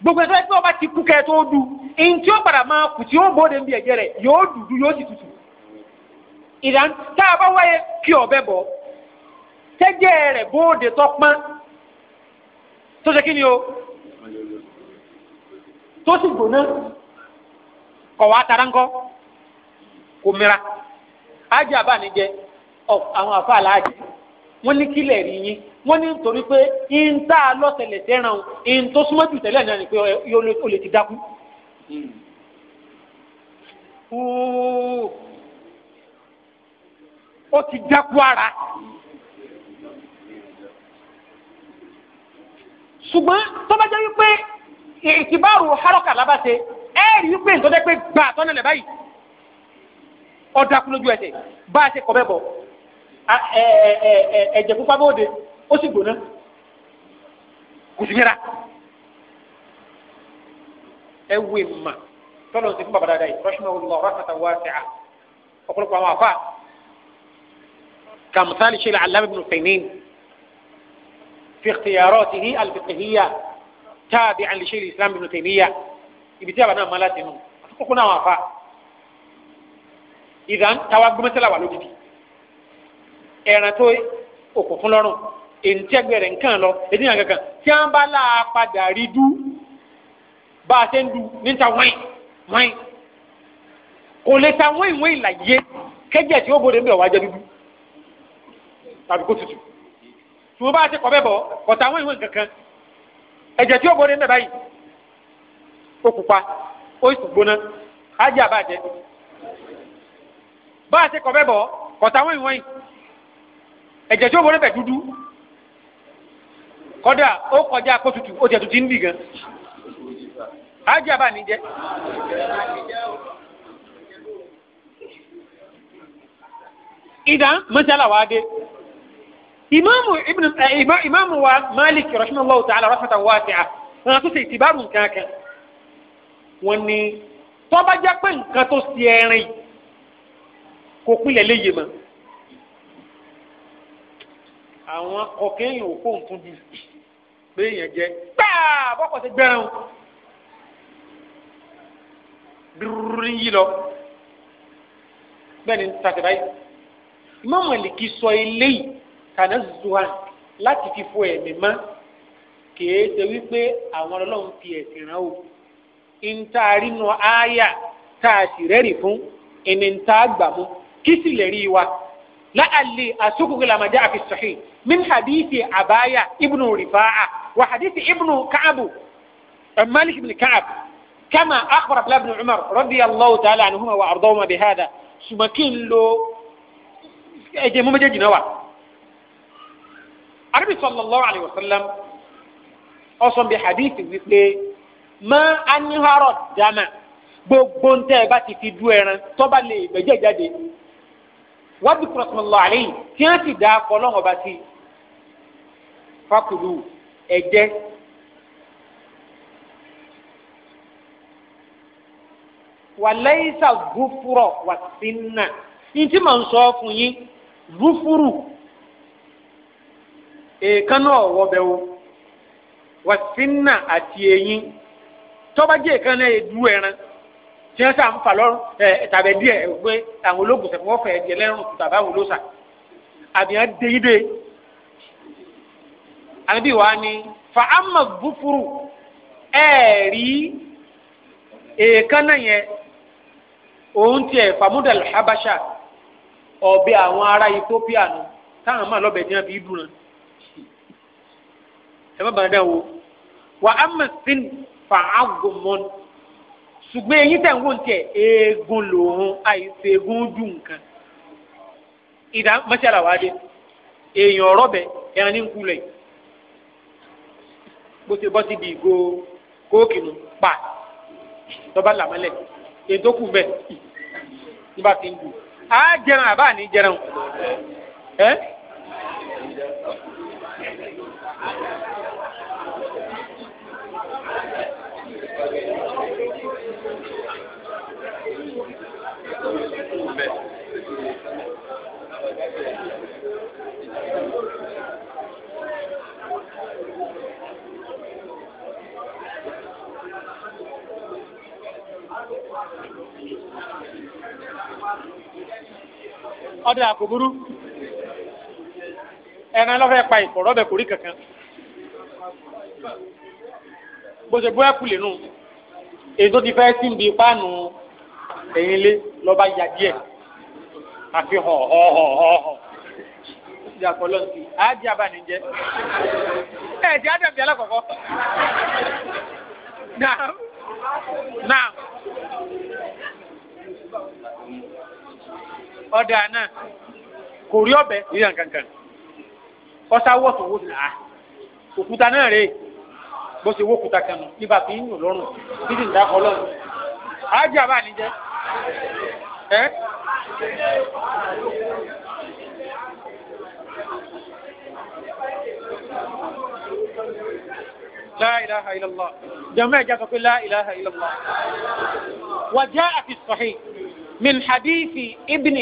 S1: gbogbo ẹ̀sọ́ tí wọ́n ti kú kẹ́ tó du ẹni tí ó padà máa kù tí ó bóde níbi ẹ̀jẹ̀ rẹ̀ yóò dúdú yóò sì tutù ìdáhùn bá wáyé kí ọ̀bẹ bọ̀ tẹ́jẹ́ rẹ̀ bóde tọ́pọ́n tó ṣe kí ni o. tó sì gbóná kọ̀ wá tara ńkọ́ kò mìíràn ájì àbánijẹ àwọn àfàlà ájì wọ́n ní kílẹ̀ rí yín wọ́n ní nítorí pé ihun tá a lọ tẹ̀lẹ̀ tẹ́ràn o ihun tó súnmọ́ jù tẹ́lẹ̀ náà ni pé o lè ti dákú.
S2: o ti dákú ara.
S1: ṣùgbọ́n tó bá jẹ́ wípé ìtìbáàrù harọ́kà lábàṣe ẹ rí pé nǹkan tẹ́ pé gbà tọ́nà lẹ̀ báyìí ọ̀dàkùn lójú ẹsẹ̀ bá a ṣe kọ̀ bẹ́ẹ̀ bọ̀ ẹ̀jẹ̀ pupa bóde ó sì gbóná kò sí yẹra ẹ wù ẹ̀ tọ́lọ̀ sí fún bàbá dáadáa yìí rọ́ṣùmọ̀ olùwà rọ́ṣàtà wá sí a ọ̀pọ̀lọpọ̀ àwọn àfa kàmùsálì ṣe làlámì ibn Uthaymeen fi ikhtiyaratihi al-fiqhiyya. تابعا لشيخ الإسلام ابن تيمية ibitiya bana mala tinu koko na wafa idan tawa gumasala walo didi ẹran tó òkò fún lọ́rùn èyí tí ẹgbẹ́ rẹ̀ nǹkan lọ èyí nǹkan kan tí wọ́n bá là á padà rí dú bá a ṣe ń du níta wọ́n ta wọ́n wọ́n ìlàyé kẹ́jẹ́ tí ó bóde ń bẹ̀ wá jẹ́ dúdú tàbí kó tutù tí wọ́n bá ṣe kọ́ bẹ́ẹ̀ bọ̀ kọ̀tà wọ́n wọ́n nǹkan ẹ̀jẹ̀ tí ó bọ̀ ní ẹ̀bẹ̀ o ó pupa ó sì gbóná ájá àbájẹ́ bá a ṣe kọ̀ bẹ́bọ̀ kọ̀tàwọn ìwọ̀n yìí ẹ̀jẹ̀ tí ó bọ̀ ní ẹ̀bẹ̀ dúdú kọ́dà ó kọjá kótùtù ó jẹ̀ tuntun nìgan ájá àbá níjẹ́. ìdá mọ́sálà wàá dé ìmáàmù ibn ìmáàmù eh, wa Malik rahimahullahu ta'ala rahmatan wasi'a wọn tún ṣe ìtìbárù nǹkan kan wọn ni tọ́ba jẹ́ pé nǹkan tó ṣe ẹrin kò pilẹ̀ léyè mọ́ àwọn ọ̀kẹ́yìn òkú nǹkan bíi béèyàn jẹ gbáà bọ́kọ̀ ti gbẹ́ràn dúrúrú yí lọ bẹ́ẹ̀ ni tàtẹ̀báyì Imam Maliki sọ eléyìí tànà zuwa láti fi fo ẹ̀mí mọ́ kìí ṣe wípé àwọn ọlọ́run fi ẹ̀sìn rán o ìta rínú àyà tá a sì rẹ́rì fún ẹni tá a gbà mú kí sì lè rí wa láàlì àsukùkù làmàjá àfi sahih min hadithi àbáyà ibnu rìfáà wà hadithi ibnu káàbù malik ibnu káàbù kama akhbar abdullah ibn umar radiyallahu ta'ala anhuma wa ardahuma bihada sumakin lo ẹjẹ mọmọdé jìnnà wa arabi sallallahu alayhi wa sallam ọsàn bíi hadithi wípé má anyiharọ dama gbogbo ntẹ ẹ bá ti fi du ẹran tọba lè bẹjẹ jáde wàbí kúrọsìmọlọ àlẹyìn tí wọn ti dá kọlọn ọba sí fakulu ẹjẹ wàlẹ́yìísà gúfúrọ̀ wàsínà ntí màá sọ fún yín gúfúrù èèkánná ọ̀wọ́ bẹ wo wàsínà àti eyín tọ́ba jẹ́ èèkánná èdú ẹran tí wọ́n sàn fà lọ́rùn ẹ̀ tàbí díẹ̀ gbé àwọn ológun sẹ̀fọ́ fẹ̀ ẹ̀díẹ̀ lẹ́rùn tó tàbá wò ló sà àbí wọn àbí wàá ní fa ama gbúfúrú ẹ̀ẹ́rì èèkánná yẹn òun tiẹ̀ famudal habasha ọ̀bẹ àwọn ará Ethiopia nù táwọn máa lọ́bẹ̀ ní abiyí dùn náà ẹ má bàa dá wo wà á mà sin fà á gùn mọ́n ṣùgbọ́n eyín tẹ̀ ń wò tiẹ̀ eegun lòun àìsè egun ju nǹkan ìdá mọ́ṣálà wá dé èèyàn ọ̀rọ̀ bẹ ẹran ní nkulẹ̀ bó ṣe bọ́ síbi ìgò kóòkì pa tọ́ba làmọ́lẹ̀ ètò kù bẹ́ẹ̀ nígbà tí ń dù á jẹran àbá ní jẹran
S2: ẹ́. ọdẹ àkùbúrú ẹran lọ́fẹ́ pa ìkọ̀rọ̀ bẹ̀ kò kankan bó ṣe bóyá kulè
S1: èyí tó ti fẹ́ sí ibi páànù ẹ̀yìn lé lọ́ba ya díẹ̀ àfi hàn họ̀họ̀họ̀ ìyàpọ̀ lọ́sí àájì abàní jẹ́ alákọ̀ọ́kọ́ náà
S2: náà. ọ̀dà náà
S1: kò rí ọ̀bẹ níyàn kankan ọ̀sá wọ̀tò wò nà á ah, òkúta náà rè bó ṣe wó òkúta kan nù ibà fi ń yàn lọ́rùn títí ń dákọ̀ lọ́rùn àájà bá níjẹ́ ẹ́ لا إله إلا الله جماعة قل لا إله إلا الله وجاء
S2: في الصحيح من حديث ابن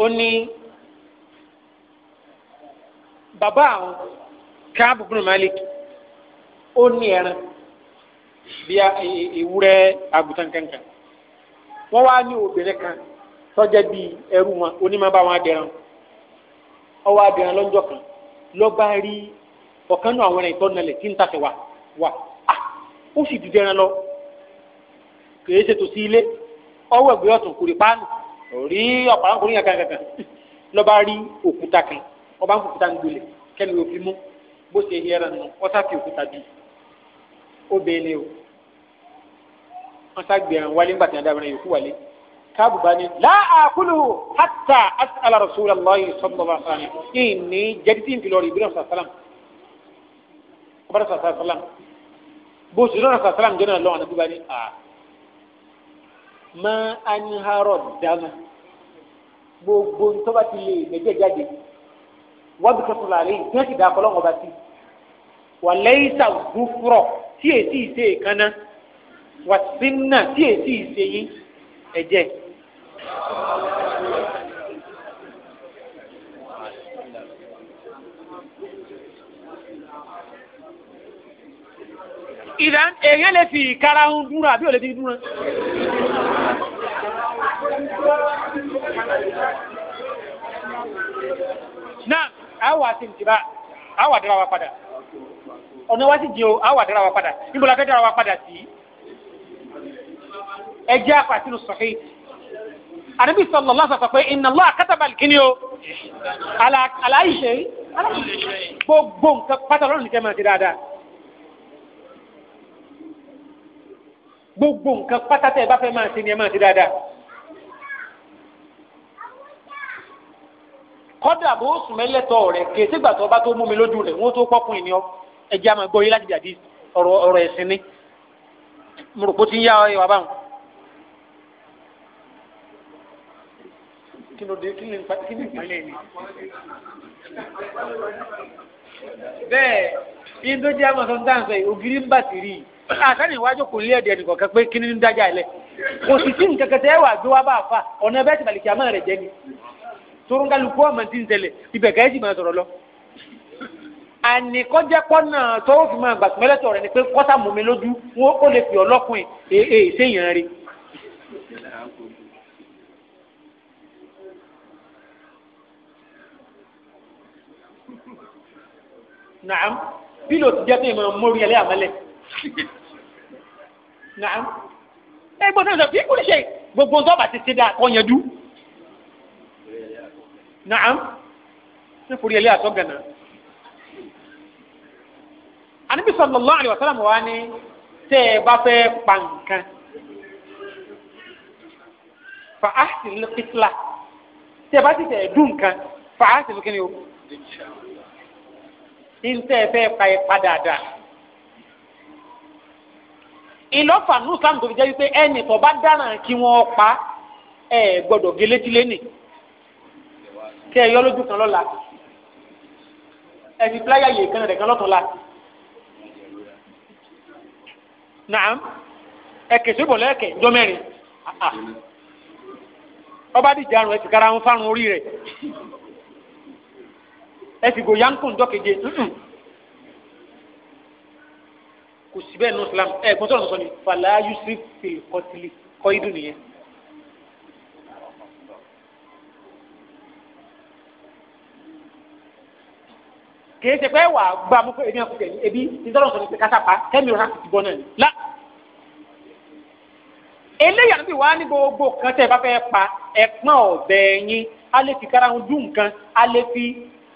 S2: ó ní
S1: bàbá àwọn káàbù bùnú malik ó ní ẹran bí e, e, ewúrẹ́ àgùntàn kankan wọ́n wá ní obìnrin kan sọ́jà bíi ẹrú wọn onímọ̀ bá wọn adẹran ọwọ́ kan lọ́ba rí ọ̀kan náà àwọn ẹ̀rìn tó nalẹ̀ tí wa wa ah! ó sì dìde ẹran lọ kèé ṣètò sí ilé ọwọ́ orí ọ̀pọ̀lọpọ̀ yẹn kankan lọ́ba rí òkúta kan ọba ń kúkúta ń gbolẹ̀ kẹ́mi ò fi mú bó ṣe yẹra nù ọ́sà fi òkúta bí ó bẹ́ẹ̀lẹ̀ o wọ́n ságbẹ̀rẹ̀ wálé ńgbà tí wọ́n dábẹ̀rẹ̀ yòókù wálé káàbù bá ní láàkúlù hàtà àsàlà rasulullahi sallallahu alaihi wasallam yìí ní jẹ́dítì ìfìlọ rẹ̀ ìbílẹ̀ sàlám ọba sàlám bó ṣe lọ́nà sàlám jẹ́ Ma anihárọ̀ dáná gbogbo ntọ́ba ti lè gbẹ́jẹ́ jáde wọ́n bí sọ́kùnrin àlẹ́ yìí tiẹ́ ti dà kọ́ lọ́wọ́ bá ti wà lẹ́yìn sà
S2: gúfúrọ̀ tí èsì ìṣe
S1: ìkànnà wà sínú tí èsì ìṣe yìí ẹ̀jẹ̀.
S2: ìdá èèyàn
S1: lè fi ìkara ń dúró àbí ò lè dúró náà àwọ̀ àti ìtìbá àwọ̀ àdára wa padà ọ̀nà wa sì jẹ́ o àwọ̀ àdára wa padà níbo la fẹ́ dára wa padà sí ẹjẹ́ àpàtìlù sọ̀hí ànábì sọ̀lọ̀ lọ́sọ̀ sọ pé iná lọ́ àkátàbà kìíní o aláìṣe gbogbo nǹkan pátá lọ́rùn nìkẹ́ máa ti dáadáa gbogbo nǹkan pátá tẹ́ ẹ bá fẹ́ kọ́dà bó sùn mẹ́lẹ́tọ̀ rẹ̀ kèsì gbà tó bá tó mú mi lójú rẹ̀ wọ́n tó pọ́kùn ìní ọ ẹ̀jẹ̀ àmọ́ gbọ́ ti ń yá kí ló ni.
S2: bẹ́ẹ̀ bí
S1: jẹ́ àmọ́ sọ́n dáhùn sọ yìí ògiri ń bà sí i tóró kálukú ọmọ ti ń ṣẹlẹ̀ ibẹ̀ kẹ́ẹ́ sì máa sọ̀rọ̀ lọ. àní kọjá pọ́nà tọ́wọ́ fi máa gbàgbọ́lẹ́tọ̀ rẹ̀ ni pé kọ́tà mú mi lójú wọn ó lè pè ọ́ lọ́kùnrin èè séèyàn rí. naam bílò ti jẹ́ pé ìmọ̀ mórí ẹlẹ́ àmọ́lẹ̀ naam ẹ gbọ́dọ̀ sọ fí kúrìṣẹ́ gbogbo nǹkan bá ti ṣe dáa kọ́ naam ṣé forí ẹlẹ́ àtọ́ gànà. Ànábì sallallahu alaihi wasallam wa ni tẹ́ ẹ bá fẹ́ pa nǹkan fa ahsinil qitla tẹ́ ẹ bá ti tẹ̀ ẹ́ dùn nǹkan fa ahsinil kí ni o ntẹ ẹfẹ ka ẹ pa ìlọfà nù sàmùtò fi ẹnì tó bá dáná kí wọ́n pa ẹ gbọ́dọ̀ gé kẹ ẹ yọ lójú kan lọ́la ẹni píláyà yìí kan rẹ̀ kan lọ́tọ̀ọ́la naam ẹkẹ sí bọ̀lẹ́ ẹkẹ jọmẹ́rin ọba dìjà àrùn ẹsì kára ń fárun orí rẹ̀ ẹsì gòyà ń kùn dọ́keje kò sí bẹ́ẹ̀ nù Islam ẹ̀gbọ́n sọ̀rọ̀ sọ̀rọ̀ ni fàlàyé yusuf fil kọ́tìlì kọ́ idun nìyẹn. kìí ṣe pé wà á gbà mú pé ebi àkùkẹ́ ebi nítorí sọ ni pé kásápá kẹ́mi ọ̀sán ti bọ́ ni. la eléyà níbi wàá ní gbogbo kan tẹ́ ẹ bá fẹ́ pa ẹ̀pọ́n ọ̀bẹ yín a lè fi karahun dùn nǹkan a lè fi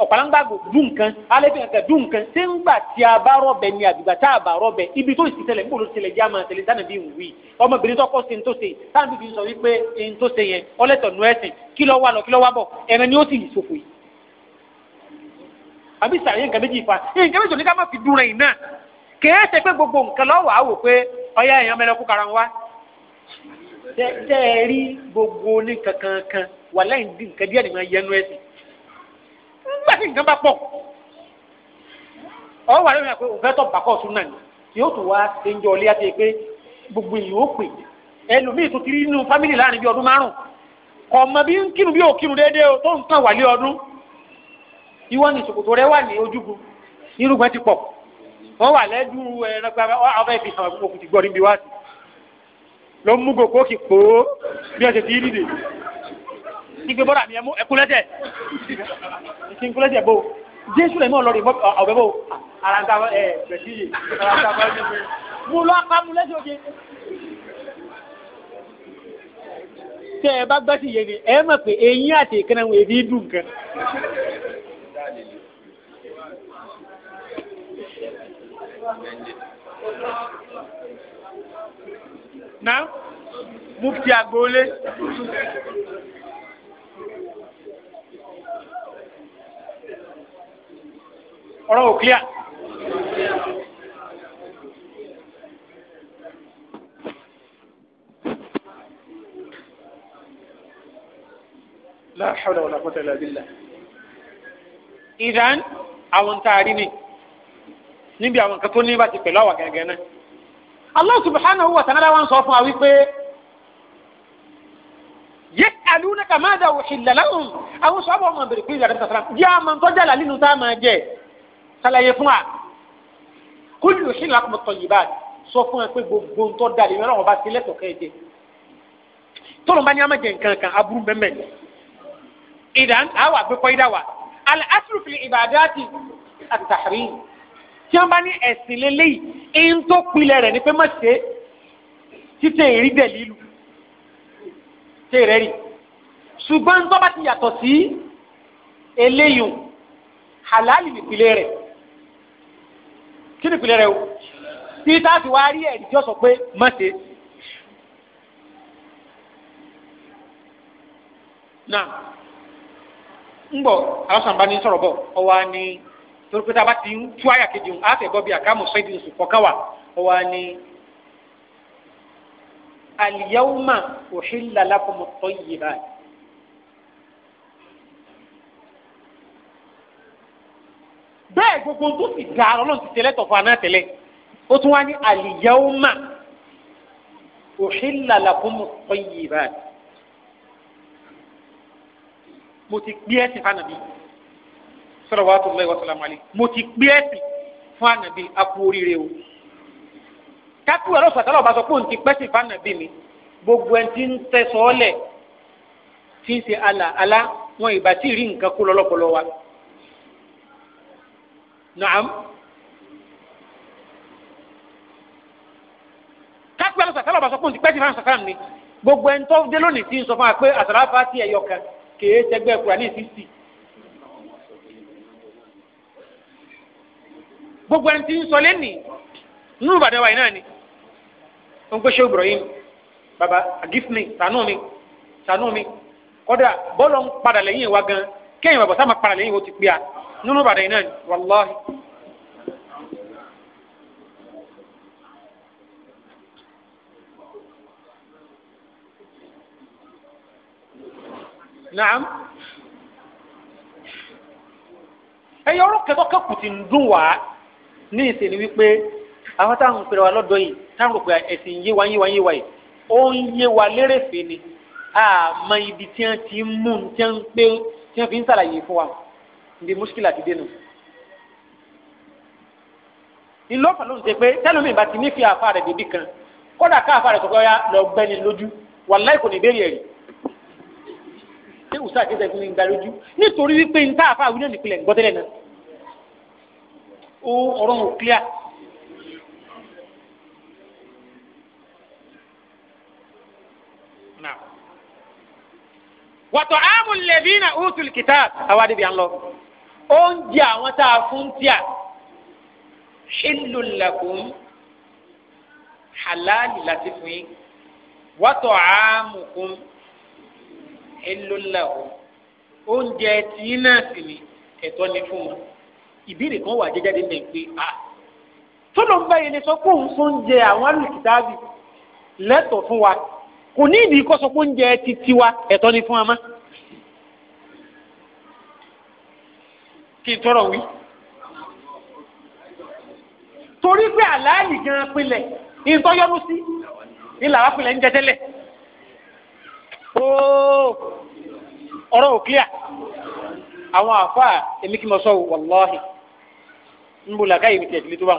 S1: ọ̀pọ̀lọpọ̀ dùn nǹkan a lè fi nǹkan dùn nǹkan ṣé ń gbà tí a bá rọ̀bẹ ni àbígbà tá a bá rọ̀bẹ ibi tó sì tẹlẹ̀ níbo ló ti lẹ̀ jẹ́ àmà dáná bí wì àbí sàyé nǹkan méjì fa nǹkan méjì oníkà má fi dúró yìí náà kèé ṣe pé gbogbo nǹkan lọ́wọ́ àwò pé ọyá èèyàn mẹ́rin kú kara wa. gbogbo ní kankankan wà lẹ́yìn dín nǹkan díẹ̀ nìkan yẹnu nígbà tí nǹkan bá pọ̀ ọ wà lóyún àpé òfẹ́ tọ̀ bàkọ́ náà ni tún wá gbogbo ó pè ẹlòmíì ìwọ ni ṣòkòtò rẹ wà ní ojúbu irúgbọn ti pọ̀ wọn wà lẹdùn ẹranko ọbẹ ìfi hàn òkú ti gbọ níbi wá sí ló mú gòkó kì pò ó bí ọ̀sẹ̀ tí ì dìde
S2: ìgbé bọ́dà mi ẹ mú ẹkúlẹ́tẹ̀ ìsìn kúlẹ́tẹ̀ bò
S1: jésù rẹ̀ mọ̀ lọ́ọ́ rí ọ̀bẹ bò
S2: ara ń ta ẹ bẹ̀sí yìí ara ń ta bọ́ ẹ mú lọ́ apá mú lẹ́sẹ̀ òkè.
S1: tẹ́ ẹ bá gbẹ́sì yé ni ẹ mọ̀ pé eyín àti ìkànnì èdè dùn gan.
S2: na mufti agboolé
S1: ọ̀rọ̀ ò clear. la hawla wala quwwata illa billah. ìdán àwọn tá a rí ni níbi àwọn nǹkan tó ní bá ti pẹ̀lú àwa gẹ́gẹ́ náà. Allah subhanahu wa ta'ala wa ń sọ fún wa wípé yas'alunaka madha uhilla lahum àwọn sọ́ọ́bù ọmọ bèrè pé ìyàrá sàtàrà jẹ́ àmọ́ tó jẹ́ àlàlí nu tá a máa jẹ ṣàlàyé fún wa kul uhilla lakumut tayyibat sọ fún wa pé gbogbo ń tọ́ da lèmi ọlọ́run bá lẹ́tọ̀ọ́ kẹ́ ẹ jẹ tọ́lọ̀ bá ní a máa jẹ nǹkan kan aburú mẹ́mẹ́ ìdá àwọn àgbẹ̀kọ́ ìdá wa al-aslu fil ibadati at-tahrim tí wọ́n bá ní ẹ̀sìn lélẹ́yìí ẹ̀yìn tó pilẹ̀ rẹ̀ ni pé má ṣe títẹ̀ èrí dẹ̀ lílu tẹ̀ rẹ̀ rì ṣùgbọ́n tó bá ti yàtọ̀ sí eléyìí halali nìpìlẹ̀ rẹ̀ kí nìpìlẹ̀ rẹ̀ o títà ti wá rí tí sọ pé má ṣe. ń ní ọ wá ní. torí pé tá a bá ti ń tú àyà kejì ń àtẹ̀ gbọ́ bí àkàmù sọ́ọ́dì oṣù kọ̀ọ̀kan wà wà ní. aliyawma uhilla lakum at-tayyibat. bẹ́ẹ̀ gbogbo tó sì da ọlọ́run ti tẹ̀lé tọ̀fọ̀ àná tẹ̀lé ó tún wá ní aliyawma uhilla lakum at-tayyibat. mo ti gbé ẹ̀sìn fanabi salawatullahi wa salamu alayhi mo ti gbé ẹ̀sìn fún ànàbí akú oríire o kákú ẹ̀rọ sàtàlọ́ ọba sọ pé òun ti pẹ́sìn fún ànàbí mi gbogbo ẹni tí ń tẹ sọ́ọ́lẹ̀ tí ń ṣe àlà àlà wọn ìbá tí ì rí nǹkan kó lọ́lọ́pọ̀lọ́ wa. Naam. kápẹ́ alọ́ sàtàlọ́ bá sọ pé òun ti pẹ́ sí fáwọn sàkàrà mi gbogbo ẹni tó dé lónìí tí ń sọ fún wa pé àtàlà fà ti ẹ̀yọ kan kèé tẹgbẹ́ ẹ̀kúra ní ìsísì gbogbo ẹni tí ń sọ nínú ìbàdàn wa yìí náà ni ó ń gbé baba mi sànú mi kọ́dà bọ́ọ̀lù ń padà lẹ́yìn wa gan kéèyàn bàbá sáà máa padà yìí náà ni ní ìsìn ni wípé àwọn táwọn ń pèrè wa lọ́dọ̀ yìí táwọn rò pé ẹ̀sìn yé wa yé wa yé wa yìí ó ń yé wa lérèfé ni àmọ́ ibi tí wọ́n ti ń mú tí wọ́n ń pé tí wọ́n fi ń sàlàyé fún wa ní mùsùlùmí àti dénú. ìlú ọ̀fà ló ń ṣe pé tẹ́lómi ìbá ti nífẹ̀ẹ́ àfa rẹ̀ débi kan kódà ká àfa rẹ̀ tó kọ́ya lọ gbẹ́ni lójú wàláì kò ní béèrè rí ṣé ùsà àti ìṣẹ́gun ń gbà lójú nítorí wípé ń ó ọ̀rọ̀ ò clear. wàtò àmùn lẹ́bìínà utul kitab àwádìí bí a ń lọ. oúnjẹ àwọn tá a fún tíà hillul lakum halali láti fún yín wàtò àmùkún hillul lahum oúnjẹ tí náà sì ni ẹ̀tọ́ ni fún wọn ìbéèrè kan wà jẹjẹrẹ ní pé a ah, tọ́lọ̀ ń bá yẹn lè sọ pé òun fún jẹ àwọn alùpùpù lẹ́tọ̀ fún wa kò ní ìdí kó sọ pé oúnjẹ ti tiwa ẹ̀tọ́ ni fún wa mọ́. kí n tọrọ wí. torí pé àlàálì gan pinlẹ̀ ìtọ́yọ́nú sí ìlà wa pinlẹ̀ ń jẹ tẹ́lẹ̀.
S2: ooo
S1: ọ̀rọ̀ ò clear àwọn àfa èmi kí n mọ sọ wàlláhi nbó làkà yìí tiẹ̀ tilé tó bá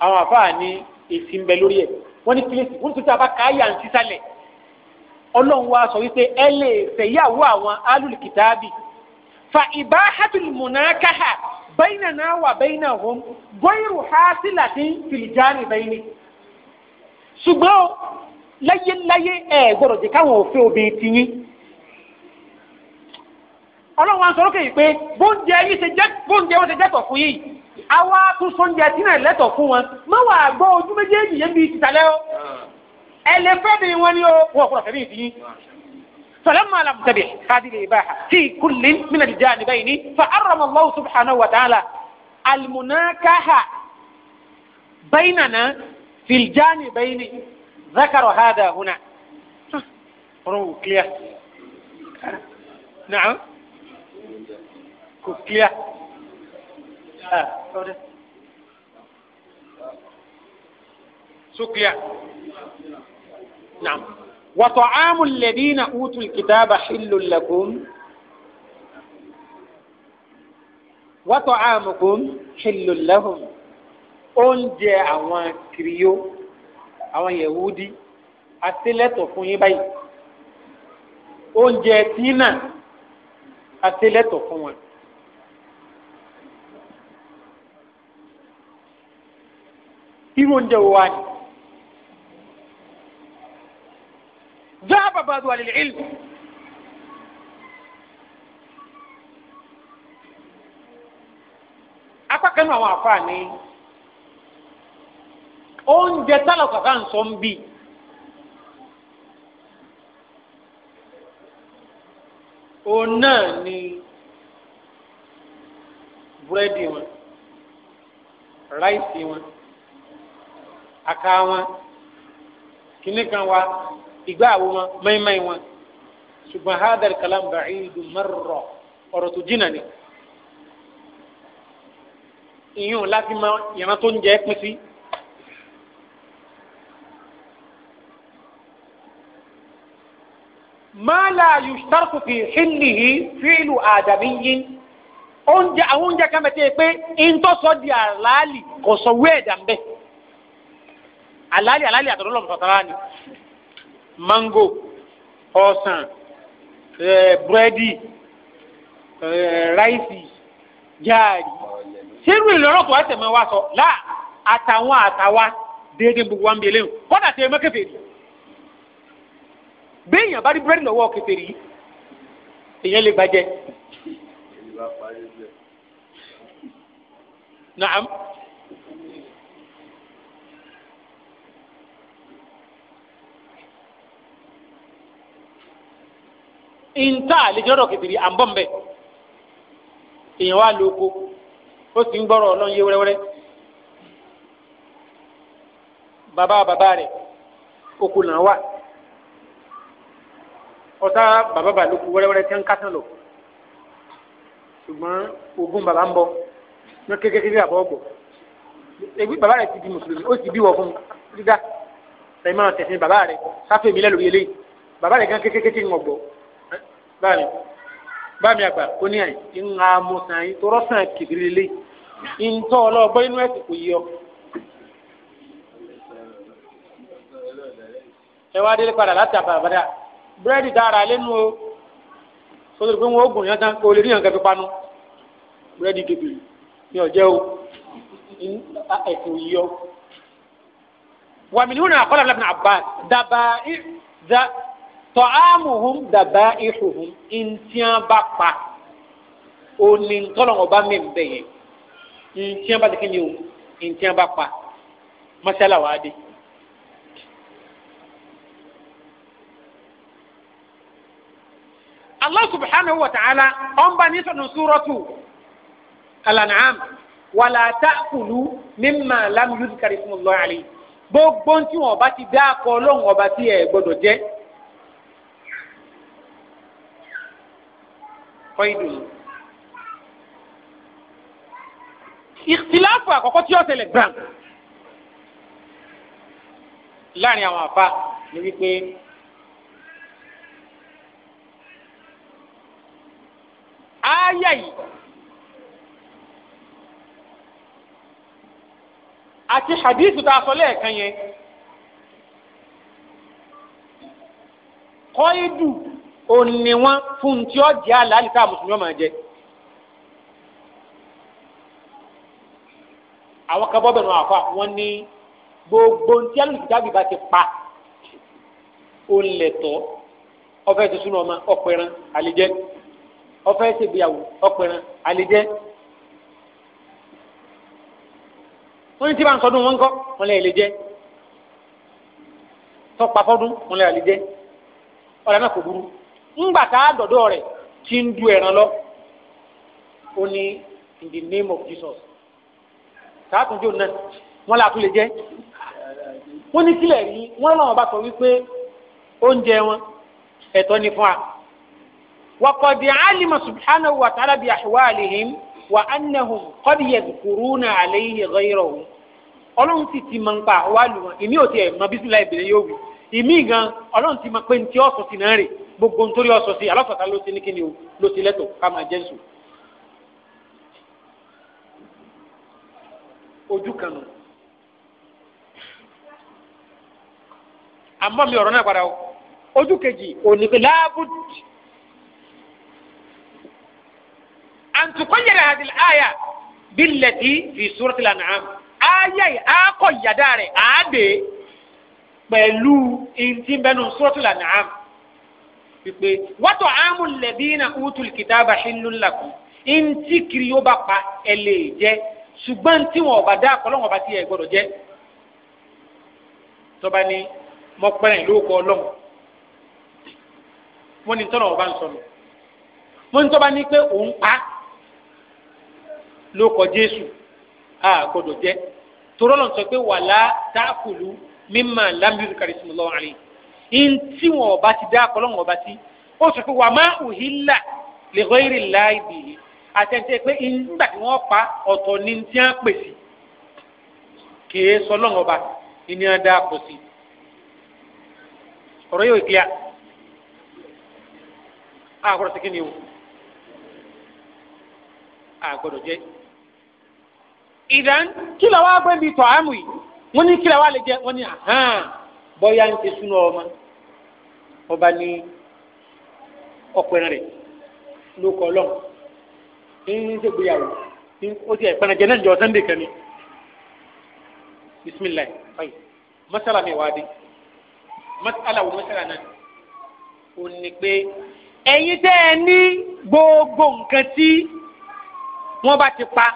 S1: àwọn àfáà ní èsì ń bẹ lórí ẹ̀ wọ́n ní kílẹ̀sì wọ́n ní tuntun àbá káyà ń sísàlẹ̀ ọlọ́run wa sọ wípé ẹ lè fẹ̀yàwó àwọn alùkìtàbì fa ìbáhatul munakaha bainana wa bainahum gbọ́yìrù hasilatin filijani bẹ́yìnì ṣùgbọ́n láyéláyé ẹ gbọ́dọ̀ jẹ́ káwọn òfin obìnrin ti yín ọlọ́run wa sọ lókè pé bóúnjẹ yìí ṣe jẹ́ bóúnjẹ wọn ṣe jẹ́tọ̀ fún yìí àwa tún sóúnjẹ tí náà lẹ́tọ̀ fún wọn má wà gbọ́ ojú méjèèjì yẹn bí tìtàlẹ́ o ẹ lè fẹ́ mi wọn ni o wọn kúrò fẹ́ mi fi yín. فلما لم هذه الإباحة في كل من الجانبين فأرم الله سبحانه وتعالى المناكحة بيننا في
S2: الجانبين
S1: ذكر هذا هنا رو كليا نعم كليا Ah, sukuya naam wa ta'amul ladina utul kitaba hillul lakum wa ta'amukum hillul lahum oúnjẹ àwọn kiriyó àwọn yahudi àtìlẹ́tọ̀ fún yín báyìí oúnjẹ tìǹà àtìlẹ́tọ̀ fún wọn. irú oúnjẹ wo wá ni. jáàbà bá wà lè ilm. apá kan náà sọ ń bì. òun náà ni búrẹ́dì wọn ráìsì wọn. àká wọn kìnnì kan wa ìgbà àwọn wọn mẹ́mẹ́ wọn ṣùgbọ́n hadal kalam ba'idu marra ọ̀rọ̀ tó jìnnà ni ìyún láti máa yàrá tó ń jẹ́ pín sí. ما لا يشترط fi حله Fiilu آدمي oúnjẹ àwọn oúnjẹ kan bẹ tẹ́ ẹ pé ntọ́sọ di àlàálì kò sọ wẹ́ẹ̀dà ń alali alali àtọ̀dọ̀ lọ́mọ sọ̀tara ni mango ọsàn ẹ̀ẹ́ búrẹ́dì ẹ̀ẹ́ ráìsì gaari sẹ́nu ìlọ́rọ̀ tó ẹsẹ̀ máa wá sọ láà atawa, àtàwa déédéé gbogbo wa ń bẹ̀lẹ́ o kọ́dà tẹ ẹmọ kẹfẹ́ rí béèyàn bá rí búrẹ́dì lọ́wọ́ kẹfẹ́ rí èèyàn lè bàjẹ́. naam. ìntà àlejòrò kìtìrì à ń bọ̀ mbẹ́ èèyàn wá lo oko ó sì ń gbọ́rọ̀ ọlọ́run yé wẹ́rẹ́wẹ́rẹ́ bàbá bàbá rẹ̀ oko náà wà ọ̀tá bàbá bàbá ló kú wẹ́rẹ́wẹ́rẹ́ tí ń kásán lọ ṣùgbọ́n ogun bàbá ń bọ̀ ní kékeré àbọ̀ ọ̀gbọ̀ ebi bàbá rẹ̀ ti di mùsùlùmí ó ti bí wọ̀ fún dídá sẹ́yìn máa tẹ̀sìn bàbá rẹ̀ sáfẹ́ mi lẹ́lòrí bàbá rẹ̀ gan kékeré ń gbọ̀ báàmì báàmì àgbà ó ní àyè ńlá mọ̀sán yìí tó rọ́sàn kìdìrì lé ńtọ́ ọlọ́ọ̀gbọ́n inú ẹ̀sìn kò yí ọ. ẹ wá délé padà láti àbàbàdà búrẹ́dì dára lẹ́nu o sọ́dọ̀ pé wọ́n ó gùn yàn tán kó lè rí yàn kẹfí panu búrẹ́dì dòbìrì ní ọ̀jẹ́ o ẹ̀sìn ò yí ọ. wàmí ni wọn àkọlà bíi tọ́ àmùhùn dàbá ìhùhùn ìntìyàn bá pa òní ntọ́lọ́wọ́ bá mẹ́ bẹ́ yẹn ìntìyàn bá tẹ́kẹ́ ni o ìntìyàn bá pa mọ́sálà wàá dé. Allah subhanahu wa ta'ala ọnba ní sọnù súrọ́tù Al-An'am wàlá ta'kulu mimma lam yudhkar ismullahi alayhi gbogbo tí wọn bá ti dá akọ lóhùn ọba tí ẹ gbọ́dọ̀ jẹ kọ́ìdù ni. ìtìláfù àkọ́kọ́ tí ó ṣẹlẹ̀ gbàm láàrin àwọn àfa ni wípé ááyà yìí àti hadith tá a sọ lẹ́ẹ̀kan yẹn kọ́ìdù òní wọn fún tí ó jẹ́ àlàálì tá a mùsùlùmí ọmọ jẹ. àwọn kan bọ́bẹ̀ nù àfa wọn ní gbogbo tí alùpùpù bá ti pa ó lẹ̀ tọ́ ọfẹ́ ti súnú ọmọ ọ̀pẹ̀rán àlejẹ́ ọfẹ́ ti gbéyàwó ọ̀pẹ̀rán àlejẹ́. wọ́n ní tí bá ń sọdún wọn kọ́ wọn lè lè jẹ́ tọ́pa wọn lè lè jẹ́ kò burú. ńgbà tá a dọ̀dọ̀ rẹ̀ tí ń du ẹ̀ràn lọ ó ní in the name of Jesus sàátúnjò náà wọ́n lè àtúnlẹ̀ jẹ́ ní kílẹ̀ rí làwọn bá sọ wípé oúnjẹ wọn ẹ̀tọ́ ni fún wa. وقد علم سبحانه وتعالى بأحوالهم وأنهم قد يذكرون عليه غيره ọlọ́run ti ti máa ń pa àwálù wọn ìmí ò tiẹ̀ mọ bísí láì bèrè yóò wí ìmí gan ọlọ́run ti máa pé ní tí ti náà gbogbo nítorí ọ̀sọ̀ sí alọ́sọ̀tà ló ti ní kíni o ló ti lẹ́tọ̀ ká máa jẹ́ nsù. ojú kan nù. àmọ́ mi ọ̀rọ̀ náà padà o ojú kejì òní pé láàbùd. àǹtùkọ́ àdìl àyà bí lẹ́tí fi sùrọ̀tì lànà àyà yìí àkọ́ yàdá rẹ̀ àádé pẹ̀lú ìntìbẹ́nu sùrọ̀tì lànà àmì wípé wọ́tọ̀ ámú lẹ́bínà útul kìtàbà hìlúlàkùn ntí kiri yóò bá pa ẹ lè jẹ ṣùgbọ́n tí wọn ọba dá àkọlọ́ wọn ọba tí ẹ gbọ́dọ̀ jẹ. tọ́ba ni mo pẹ́rẹ́ ló kọ́ ọlọ́run wọ́n ní tọ́nà ọba ń sọnù wọ́n ní tọ́ba ní pé òun pa ló jésù a gbọ́dọ̀ jẹ torọ́lọ́n sọ pé wàlá táàkùlù mímà lámìrì kàrísìmù lọ́wọ́ àlè ntí wọn ọba ti dá akọlọ́wọn ọba ti ó sọ pé wà má òhìlà lè hó ìrì láì bì í àtẹ̀tẹ̀ pé nígbà tí wọ́n pa ọ̀tọ̀ ní ti á pèsè kìí sọlọ́wọn ọba ní á dá akọ sí ọ̀rọ̀ yóò kíá àgọ́dọ̀ sí kíni o àgọ́dọ̀ jẹ́ ìdán kí làwọn agbẹ́bí tọ́ àmì wọ́n ní kí làwọn àlejẹ́ wọ́n ní hàn bọ́yá ń ti súná ọmọ ọba ní ọkùnrin rẹ̀ ló kọ́ lọ́n ń ṣègbéyàwó ó ti ẹ̀ pẹ́rẹ́jẹ náà jọ sunday kan ni bisimilayi ayi masala mi wá dé masala wo masala náà ó ní pé
S2: ẹ̀yin tẹ́ ẹ ní gbogbo nǹkan tí wọ́n bá ti pa.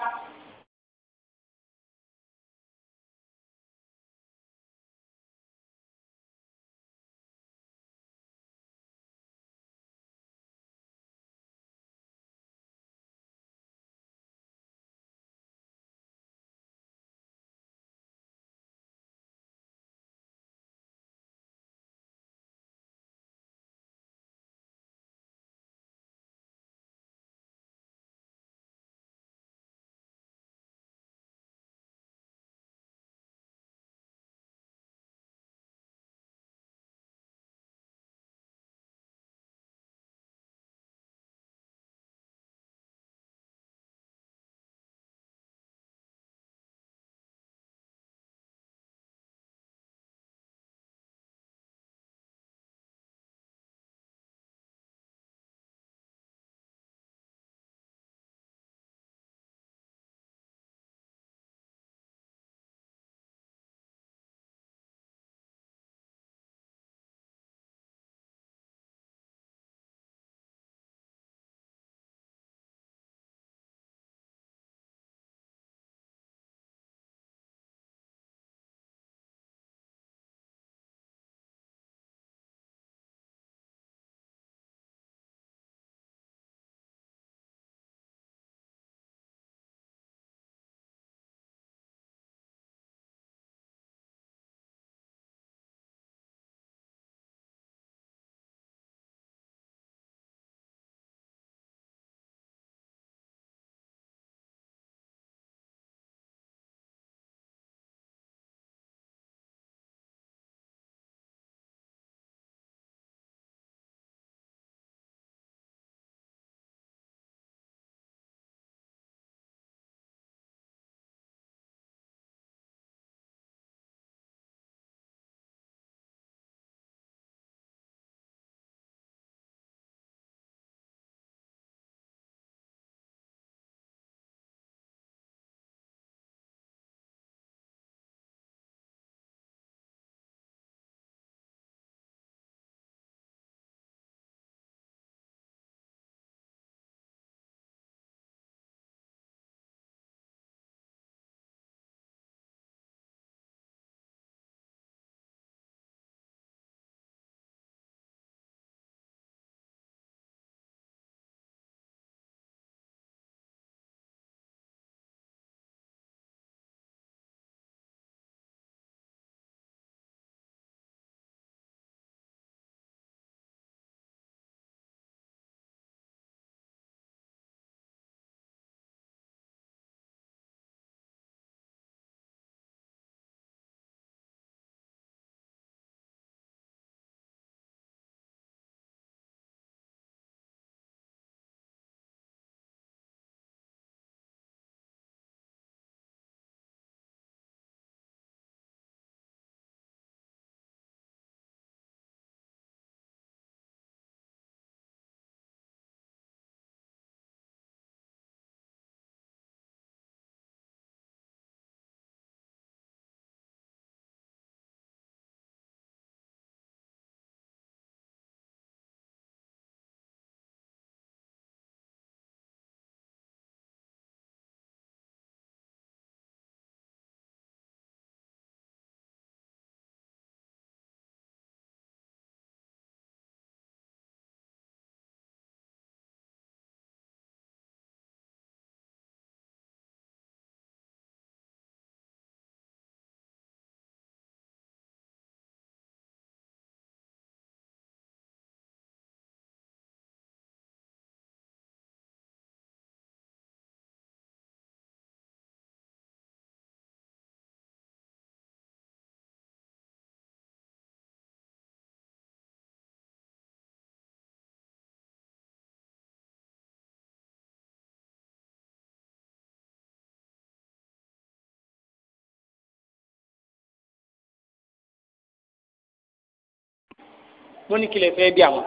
S2: mo ní kílẹ̀ fẹ́ bí àwọn.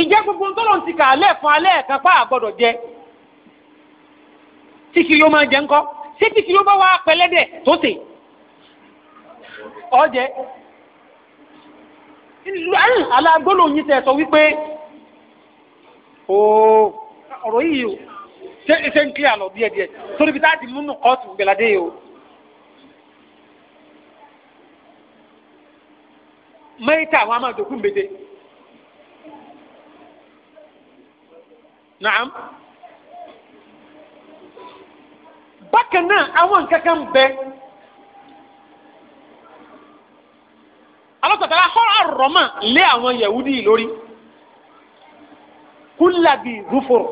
S1: ìjẹ́ gbogbo tọ́lọ̀ ti kà á lẹ́ẹ̀kan alẹ́ẹ̀kan pa àgbọ̀dọ̀ jẹ tí kiri ó máa jẹ ńkọ́ ṣé tí kiri ó bá wá pẹlẹ́dẹ̀ tó sè ọ̀jẹ̀ alágbóló yín tẹ̀ sọ wípé ooo ọ̀rọ̀ yìí o ṣe ń kílẹ̀ àlọ́ díẹ̀díẹ̀ torí bí táàdì múnú kọ́ọ̀tù gbẹ̀ládé yìí o. mẹ́ta àwọn máa dòkú mbédé naam bákan náà àwọn nǹkan kan bẹ alọ́tàtàlá họ́rọ̀ àrọ̀mà lé àwọn yahudi lórí kúlàbì rúfòrò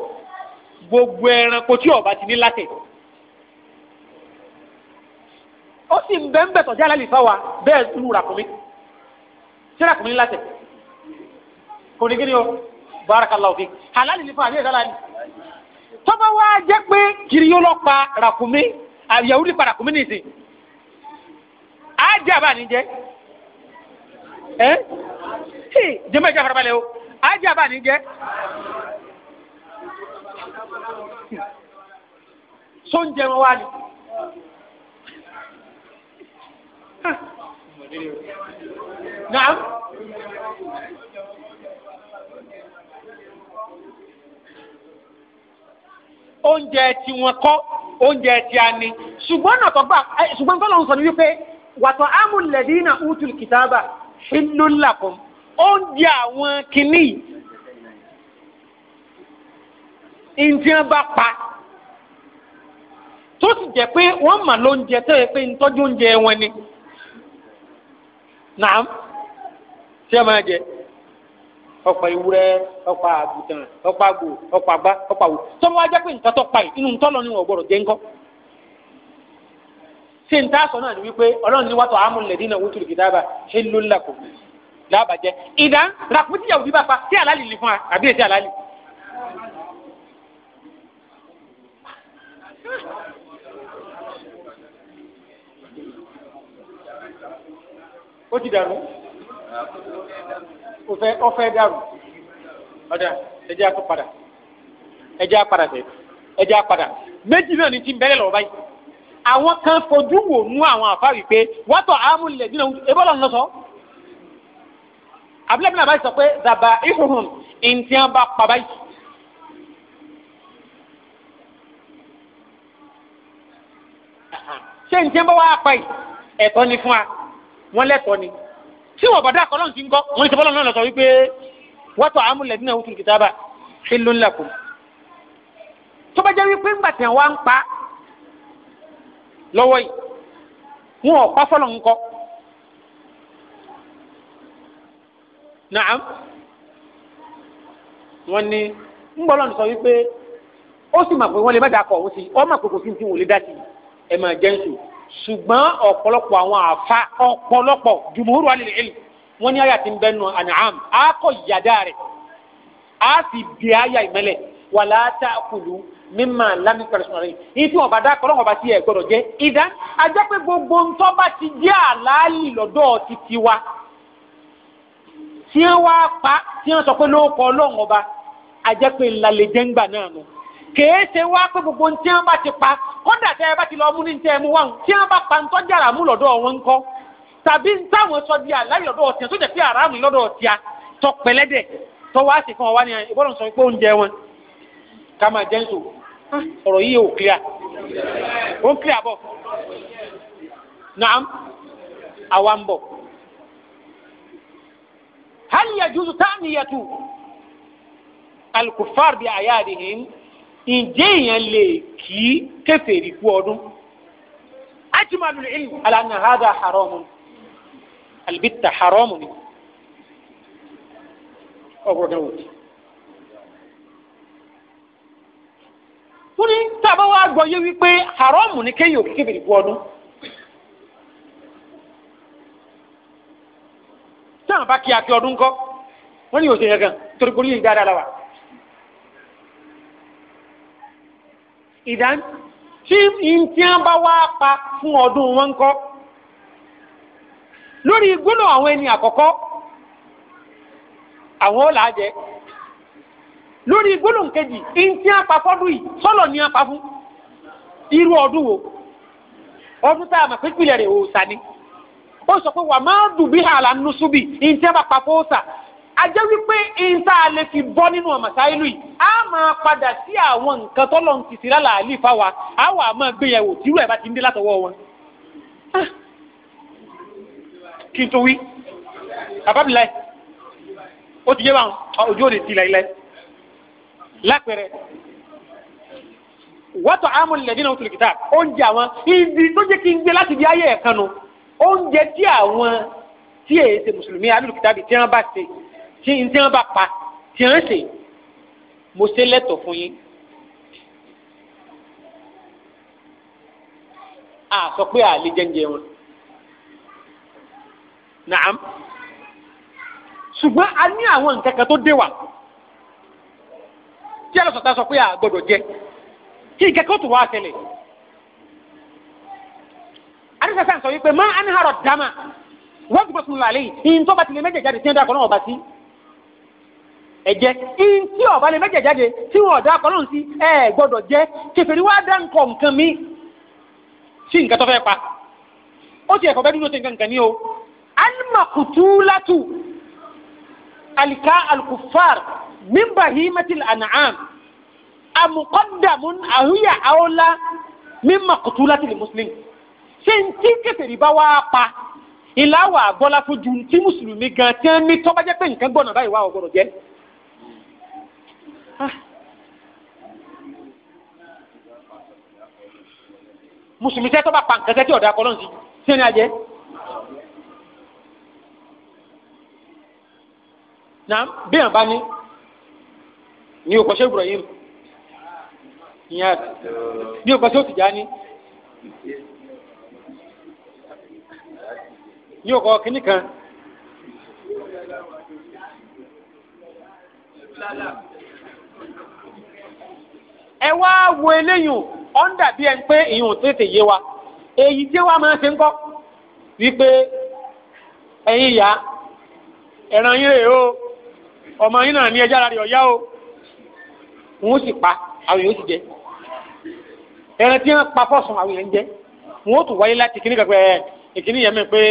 S1: gbogbo ẹranko tí ọba ti ní látẹ̀ ó sì ń bẹ́ẹ̀ ń bẹ̀ tọ́jú alálìfáwa bẹ́ẹ̀ lùrà fún mi sira kò ní látẹ̀ kò ní gírí o barakallahu fik halali ní fún àbí ìdálá ni. tọ́ba wa jẹ́ pé kiri yóò lọ pa ràkúnmí àyàwó ní pa ràkúnmí nìsín á jẹ́ àbá ní jẹ́ ẹ́ jẹ́mọ̀ ìjà farabalẹ̀ o á jẹ́ àbá ní jẹ́. sóúnjẹ wọn wá ni Naam. oúnjẹ tí wọn kọ́ oúnjẹ tí a ní ṣùgbọ́n náà tọ́gbà ṣùgbọ́n tọ́lọ́ ń sọ ní wípé wàtọ̀ amúlẹ̀dínà utul kìtàbà hillul lakum oúnjẹ àwọn kìíní ìdíyàn bá pa tó sì jẹ́ pé wọ́n mà lóúnjẹ tó yẹ pé ń tọ́jú oúnjẹ wọn ni. Naam tí a máa jẹ ọ̀pá ewúrẹ́ ọ̀pá àgùntàn ọ̀pá àgbò ọ̀pá àgbá ọ̀pá wò tọ́wọ́ ajá pé nǹkan tó pa yìí inú ntọ́ lọ ni wọ́n gbọ́dọ̀ jẹ́ ńkọ́. ṣé n ta sọ náà ni wípé ọlọ́run ní wàtò àmú lẹ́dí náà wútùrù kìtà bá ṣe ló ń lakò lábàjẹ́ ìdá ràpútì yàwùdí bá pa sí àlálì lè fún wa àbí èsì àlálì. ó ti dàrú
S2: ọfẹ ọfẹ dàrú ọdà ẹjẹ
S1: akọ padà ẹjẹ apadà tẹ ẹjẹ apadà méjì náà ní ti ń bẹ̀rẹ̀ lọ báyìí àwọn kan fojú wò mú àwọn àfa wípé wàtò àmúlẹ̀ nínú ebó lọ́nà lọ́sọ̀ọ́ abúlé mi náà báyìí sọ pé dàbà ìhùhùn ìntìyàn bá pa báyìí. ṣé ìntìyàn bá wà pa yìí ẹ̀tọ́ ni fún wa wọ́n lẹ́tọ́ ni tí wọn bàdá àkọlọ́n ti ń kọ́ wọn ti bọ́lọ̀ náà lọ́sọ̀ wípé wọ́tọ̀ àmúlẹ̀ nínú òtún kìtàbà ṣe ló ń lẹ̀kù. tó bá jẹ́ wípé ńgbà tí wọ́n ń pa lọ́wọ́ yìí wọn ò pa fọ́lọ̀ ń kọ́. nàám wọn ni ń bọ́lọ̀ sọ wípé ó sì mà pé wọ́n lè má dà kọ̀ òun sí ọ́ mà pé kò sí ti wò lè dá sí ẹ̀ máa jẹ́ ń sùn ṣùgbọ́n ọ̀pọ̀lọpọ̀ àwọn àfa ọ̀pọ̀lọpọ̀ jùmùúrù alẹ́ ìlú wọn ní àyà tí ń bẹnu ànàám á kọ ìyàdá rẹ̀ á sì bí àyà ìmẹ́lẹ̀ wà látà kùlù mímà lámì pẹ̀lẹ́sọ̀rọ̀ yìí ní tí wọn bá dákọ̀ lọ́wọ́ bá ti ẹ̀ gbọ́dọ̀ jẹ́ ìdá ajá pé gbogbo ntọ́ bá ti jẹ́ àlàálì lọ́dọ̀ títí wa tí wọn wá pa tí wọn sọ pé lóòkọ̀ ọlọ́wọ́ bá ajá pé ńlá ńgbà náà nù kèése wá pé gbogbo ntí wọn bá ti pa kódà tẹ ẹ bá ti lọ mú ní ntí ẹ mú wá ntí wọn bá pa ntọ́ jára mú lọ́dọ̀ wọn ńkọ́ tàbí ntáwọn sọ di àláyé lọ́dọ̀ ọ̀tíà tó jẹ́ pé àràmù lọ́dọ̀ ọ̀tíà tọ pẹ̀lẹ́dẹ̀ tọ wá sí fún ọ wá ní ìbọ̀dọ̀ sọ pé oúnjẹ wọn ká máa jẹ́ nsò ah, ọ̀rọ̀ yìí ò clear ó ń clear bọ̀ naam àwa ń bọ̀ hal yajuzu ta'niyatu al-kuffar bi ayadihim ǹjẹ́ èèyàn lè kí kèfèrí kú ọdún ajimadul ilmu alana hada haramun albitta haramun ọgbọdọ wò wọ́n ní tábà wá gbọ́yé wípé haramu ni kéèyàn kí kèfèrí kú ọdún táwọn bá kí akí ọdún kọ́ wọ́n ní yóò ṣe yẹ gan torí kò ní yìí la wa. ìdán tí ìntìyàn bá wá pa fún ọdún wọn kọ́ lórí gbóná àwọn ẹni àkọ́kọ́ àwọn ó làájẹ lórí gbóná kejì ìntìyàn pa fọ́dún yìí sọ́lọ̀ ní apá fún irú ọdún wo ọdún tá a mọ̀ pípìlẹ̀ rẹ̀ òòsà ni ó sọ pé wà má dùn bí àlà ń nu súbì ìntìyàn bá pa fóòsà ajẹ́ wípé ìta lè fi bọ́ nínú ọmọ sáyẹ́lú yìí a máa padà sí àwọn nǹkan tọ́lọ̀ ń ti sílá làálì fáwa a wà máa gbéyàwó tírú ẹ̀ bá ti ń dé látọwọ́ wọn. Ah! kí n tó wí àbábìlá ẹ̀ ó ti yé wa ojú ò lè ti láìláì lápẹẹrẹ wọ́tọ̀ àmọ́ ilẹ̀ dínà òtún kìtà oúnjẹ àwọn ibi tó jẹ́ kí n gbé láti di ayé ẹ̀kan nu oúnjẹ tí àwọn tí èyí ṣe mùsùlùmí alùpùpù tàbí tí wọ́n bá ṣe tí n tí wọn bá pa tí wọn sè mo ṣe lẹ́tọ̀ fún yín. a sọ pé àlè jẹjẹ wọn naam ṣùgbọ́n a ní àwọn nǹkan kan tó dé wa tí a lọ sọ̀tà sọ pé a gbọ́dọ̀ jẹ kí nǹkan kan tó wá ṣẹlẹ̀ adéṣẹ́sẹ́ sọ wípé má a ní àrọ̀ ti bọ̀ sùn lálẹ́ yìí ìyìn tilẹ̀ méjèèjì àti tiẹ̀ dá kọ́ náà ọba sí ẹ̀jẹ̀ in tí ọ̀bá lè mẹ́jẹ̀ jáde tí wọn ọ̀dà akọ lóhùn sí ẹ gbọ́dọ̀ jẹ́ kẹfẹ́rí wá dá nǹkan nǹkan mi sí nǹkan tó fẹ́ pa ó ti ẹ̀kọ́ bẹ́ẹ̀ dúró sí nǹkan ní o alimakutulatu alika alkufar mimba himatil an'am amukodamun ahuya aola mimakutulatu li muslim ṣé n tí kẹfẹ́rí bá wá pa ìlà wà gbọ́lá fojú tí mùsùlùmí gan tí wọ́n ní tọ́bajẹ́ pé nǹkan gbọ́nà báyìí wà ọ̀gbọ́dọ̀ jẹ́. Ah. mùsùlùmí sẹ́tọ́ bá pa nǹkan sẹ́tọ́ ọ̀dà kọlọ́n sí sẹ́ni ajẹ́. na bíyàn bá ní ní òkòṣe Ibrahim
S2: ìyá ní òkòṣe
S1: Tijani ní òkò kínní kan ẹ wá wo eléyìí ọ ń dàbí ẹ ń pé ìyún tètè yé wa èyí tí wàá máa ṣe ń kọ́ wípé ẹ̀yin ìyá ẹ̀ràn yín rèé o ọmọ yín náà ní ẹja ara rẹ̀ ọ̀yá o wọ́n sì pa àwọn èèyàn sì jẹ ẹran tí wọ́n pa fọ́sùn àwọn èèyàn jẹ wọ́n tún wáyé láti kíní kankan ẹ̀ ìkíní yẹn mi pé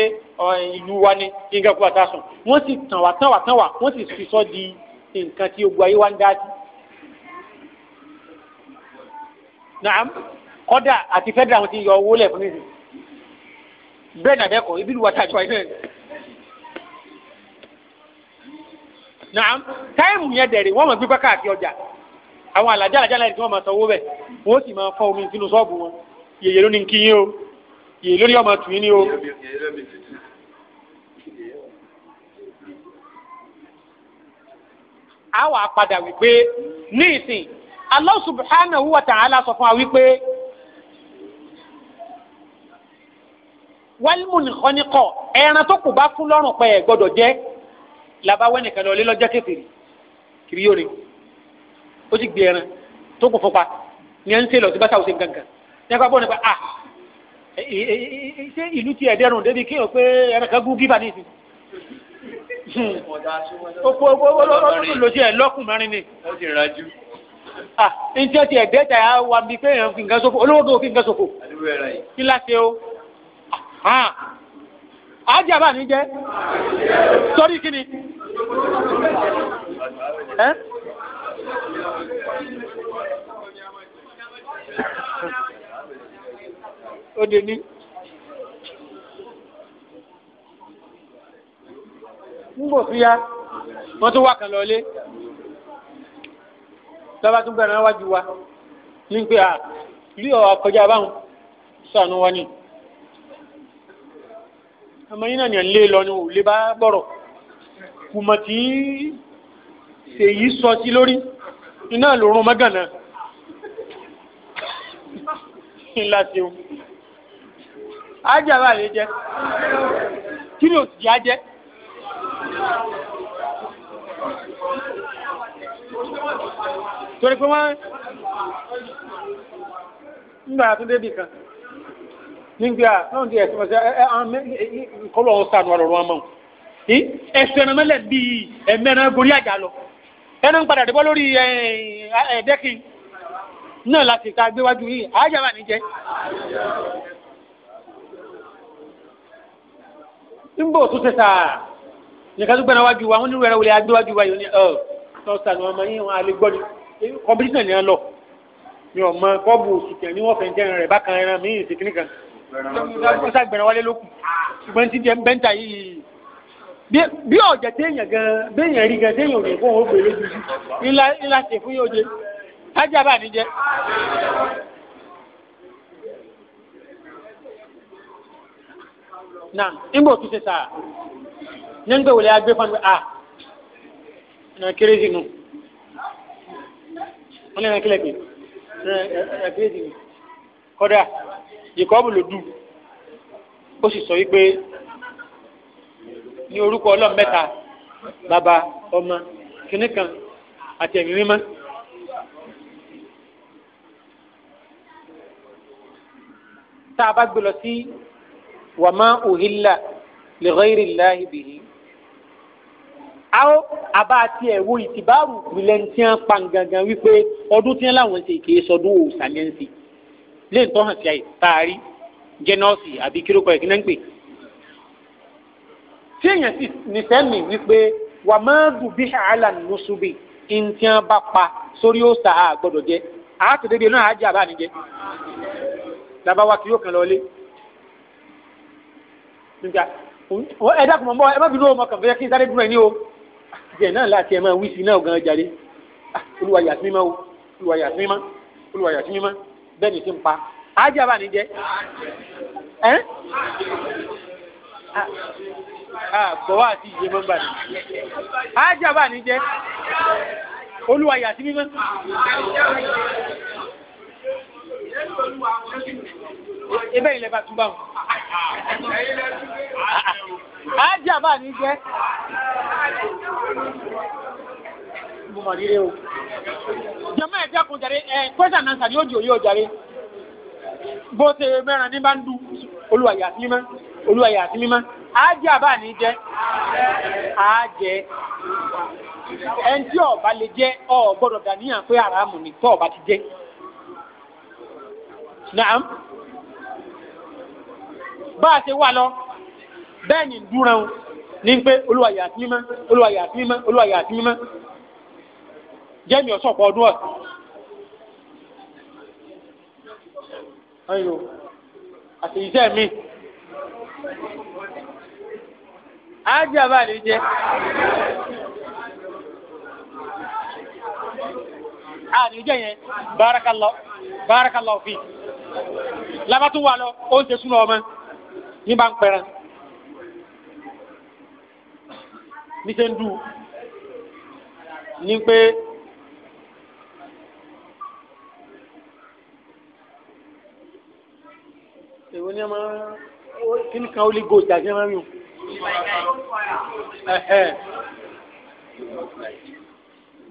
S1: ìlú wa ni kí n kankan wà tá a sùn wọ́n sì tàn wá tàn wá tàn wá wọ́n sì fi sọ́ di nǹkan tí ogun ayé wa ń dá sí. naam kọ́dà àti federal wọn ti yọ owó lẹ̀ fún mi bẹ́ẹ̀ nà dẹ́kọ̀ ibi ìlú wa ẹ̀ náà. táìmù yẹn dẹ̀rẹ̀ ọjà àwọn àlàjá àlàjá láì wọ́n bẹ̀ wọ́n sì máa fọ omi sínú wọn ló ní kí o ló ní ọmọ tù o. a wà padà wípé ní Allah subhanahu wa ta'ala sọ fún wa wípé wálmùn ọ̀nìkọ̀ ẹran tó kù bá kú lọ́rùn pẹ́ ẹ̀ gbọ́dọ̀ jẹ́ làbáwẹ́ nìkan lọ lé lọ́jọ́ kékeré kiri yóò ní ó ti gbé ẹran tó kù fúnpa ní ẹ ń ṣe lọ sí báṣà òsèǹ gangan ní ẹgbẹ́ bọ́ nípa a ṣé ìlú ti ẹ̀dẹ́rùn débi kéèyàn pé ẹran kan gún gíba
S2: nísìnyí ó kó ó lọ sí ẹ
S1: lọ́kùn mẹ́rin ni. ó ti rà jù ah njẹ́ ti ẹ̀dẹ́ ta yà wà bí pé èèyàn fi nǹkan ṣòfò olówó kan ò fi nǹkan ṣòfò kí láṣẹ o àjàbá mi jẹ́
S2: sọ́rí kí ni o de ní. ń bò fi ya wọ́n tún wà kàn
S1: lọ́lé tọ́ba tún gbẹ̀rẹ̀ wájú wa ní pé à rí ọ̀ kọjá báwọn sànú wọn ni ọmọ yín náà ní ẹ̀ńlẹ́ lọ ni ò lè bá bọ̀rọ̀ kùmọ̀ tí ṣèyí sọ sí lórí
S2: iná lòrùn mọ́gànnà ńlá sí o
S1: ajá bá lè jẹ kí ni òsì á jẹ.
S2: Thank you torí pé wọ́n
S1: nígbà àtúndé bì kan nígbà náà di ẹ̀sìn ọ̀sẹ̀ kọ́lọ̀ ọ̀sán ọ̀rọ̀ wọn mọ̀ ẹ̀sìn ẹ̀rọ mẹ́lẹ̀ bíi ẹ̀mẹ́rin gorí àjà lọ ẹnu ń padà débọ́ lórí ẹ̀ẹ́dẹ́kì náà láti ta gbéwájú yìí àájàmà ní jẹ́ nígbà òtún ṣe sáà nìkan tó gbẹ́nà wájú wa wọ́n nílùú ẹ̀rọ wọlé agbéwájú wa yìí ó ní ọ̀ tọ́sán ni wọ́n máa yín wọn àlè gbọ́dọ̀ kọmpitishọn ni wọn lọ mi ò mọ kọ́ọ̀bù oṣù kẹ́ni wọ́n fẹ́ jẹ́rin rẹ̀ bákan ẹran mi ìsìn kìnnìkà wọ́n ṣàgbẹ̀rẹ̀ wálé lókun ṣùgbọ́n ti jẹ́ bẹ́ńtà yìí bí ọ̀jẹ̀ téèyàn gan béèyàn rí gan téèyàn ò lè
S2: fún òun gbèrè jù ńlá
S1: ńlá ṣe fún yóò jẹ tájà bá ní jẹ. na nígbà òtún ṣe sáà ní ń gbé wòlé agbé fún mi à kérésì nù. No wọ́n lẹ́nu kílẹ̀ pé
S2: ẹ̀ẹ́dẹ́gbẹ̀dì kọ́dà jacob ló dù ó sì sọ wípé ní orúkọ ọlọ́run mẹ́ta bàbá ọmọ kìnnìkan àti ẹ̀mí mímọ́.
S1: tá a bá gbé lọ sí wàmá òhìlà lè rẹ́rìí àwọn àbá àti ẹ̀wò ìtìbárù ìpìlẹ̀ tí wọ́n pa gangan wípé ọdún tí wọ́n láwọn ṣe kì í sọdún òòsàn yẹn ń ṣe léè tó hàn sí àyè taari jẹnọọsì àbí kírókọ ẹ̀ kíná ń pè. tí èèyàn sì nífẹ̀ẹ́ mi wípé wà máa dùn bí àhálà nínú ṣubí ntí wọ́n bá pa sórí òòsà á gbọ́dọ̀ jẹ́ àátòdébí náà á àbá nìjẹ́ làbáwá kí yóò kàn lọ́lé ẹ dákun mọ́ ẹ má bínú ọmọ kàn fẹ́ kí sáré dúró ẹ ní o jẹ náà láti ẹ máa wí sí náà gan jáde ah, olúwa yà sí mímọ́ o olúwa yà sí mímọ́ olúwa yà sí mímọ́ bẹ́ẹ̀ ni sí ń pa ájábà ní jẹ ẹ bọ̀wá àti ìyè mọ́ gbà ní
S2: ájábà ní jẹ olúwa yà sí mímọ́.
S1: ebe yìí lè bá tún bá
S2: a ájábà ní jẹ. Bùmọ̀dí rẹ o.
S1: Jẹ́mọ́ ẹ dẹ́kun jàre ẹ̀ kwẹ́sà náà sàdí òjò yóò Bó ṣe ní bá ń du olúwàyà sí mímá. olúwàyà sí mímọ́. àbá ní jẹ́. Àájẹ́. Ẹn tí ọba lè jẹ ọ dàníyàn pé ni ọba ti jẹ. ní pé olúwa yà àti mímọ́ olúwa yà àti mímọ́ olúwa yà àti mímọ́ jẹ́mi ọ̀sán pọ̀ ọdún ọ̀sán.
S2: ayo àti iṣẹ́ mi
S1: ájá bá lè jẹ́ àní jẹ́ yẹn bárakàlọ́ bárakàlọ́ fi labatu lọ ó ń ṣe súnà ọmọ ní bá ń pẹran.
S2: níṣẹ́ ń dù ní pé èwo ni a máa kí ni kan ó lè go ìjà sí ẹ máa ń yùn.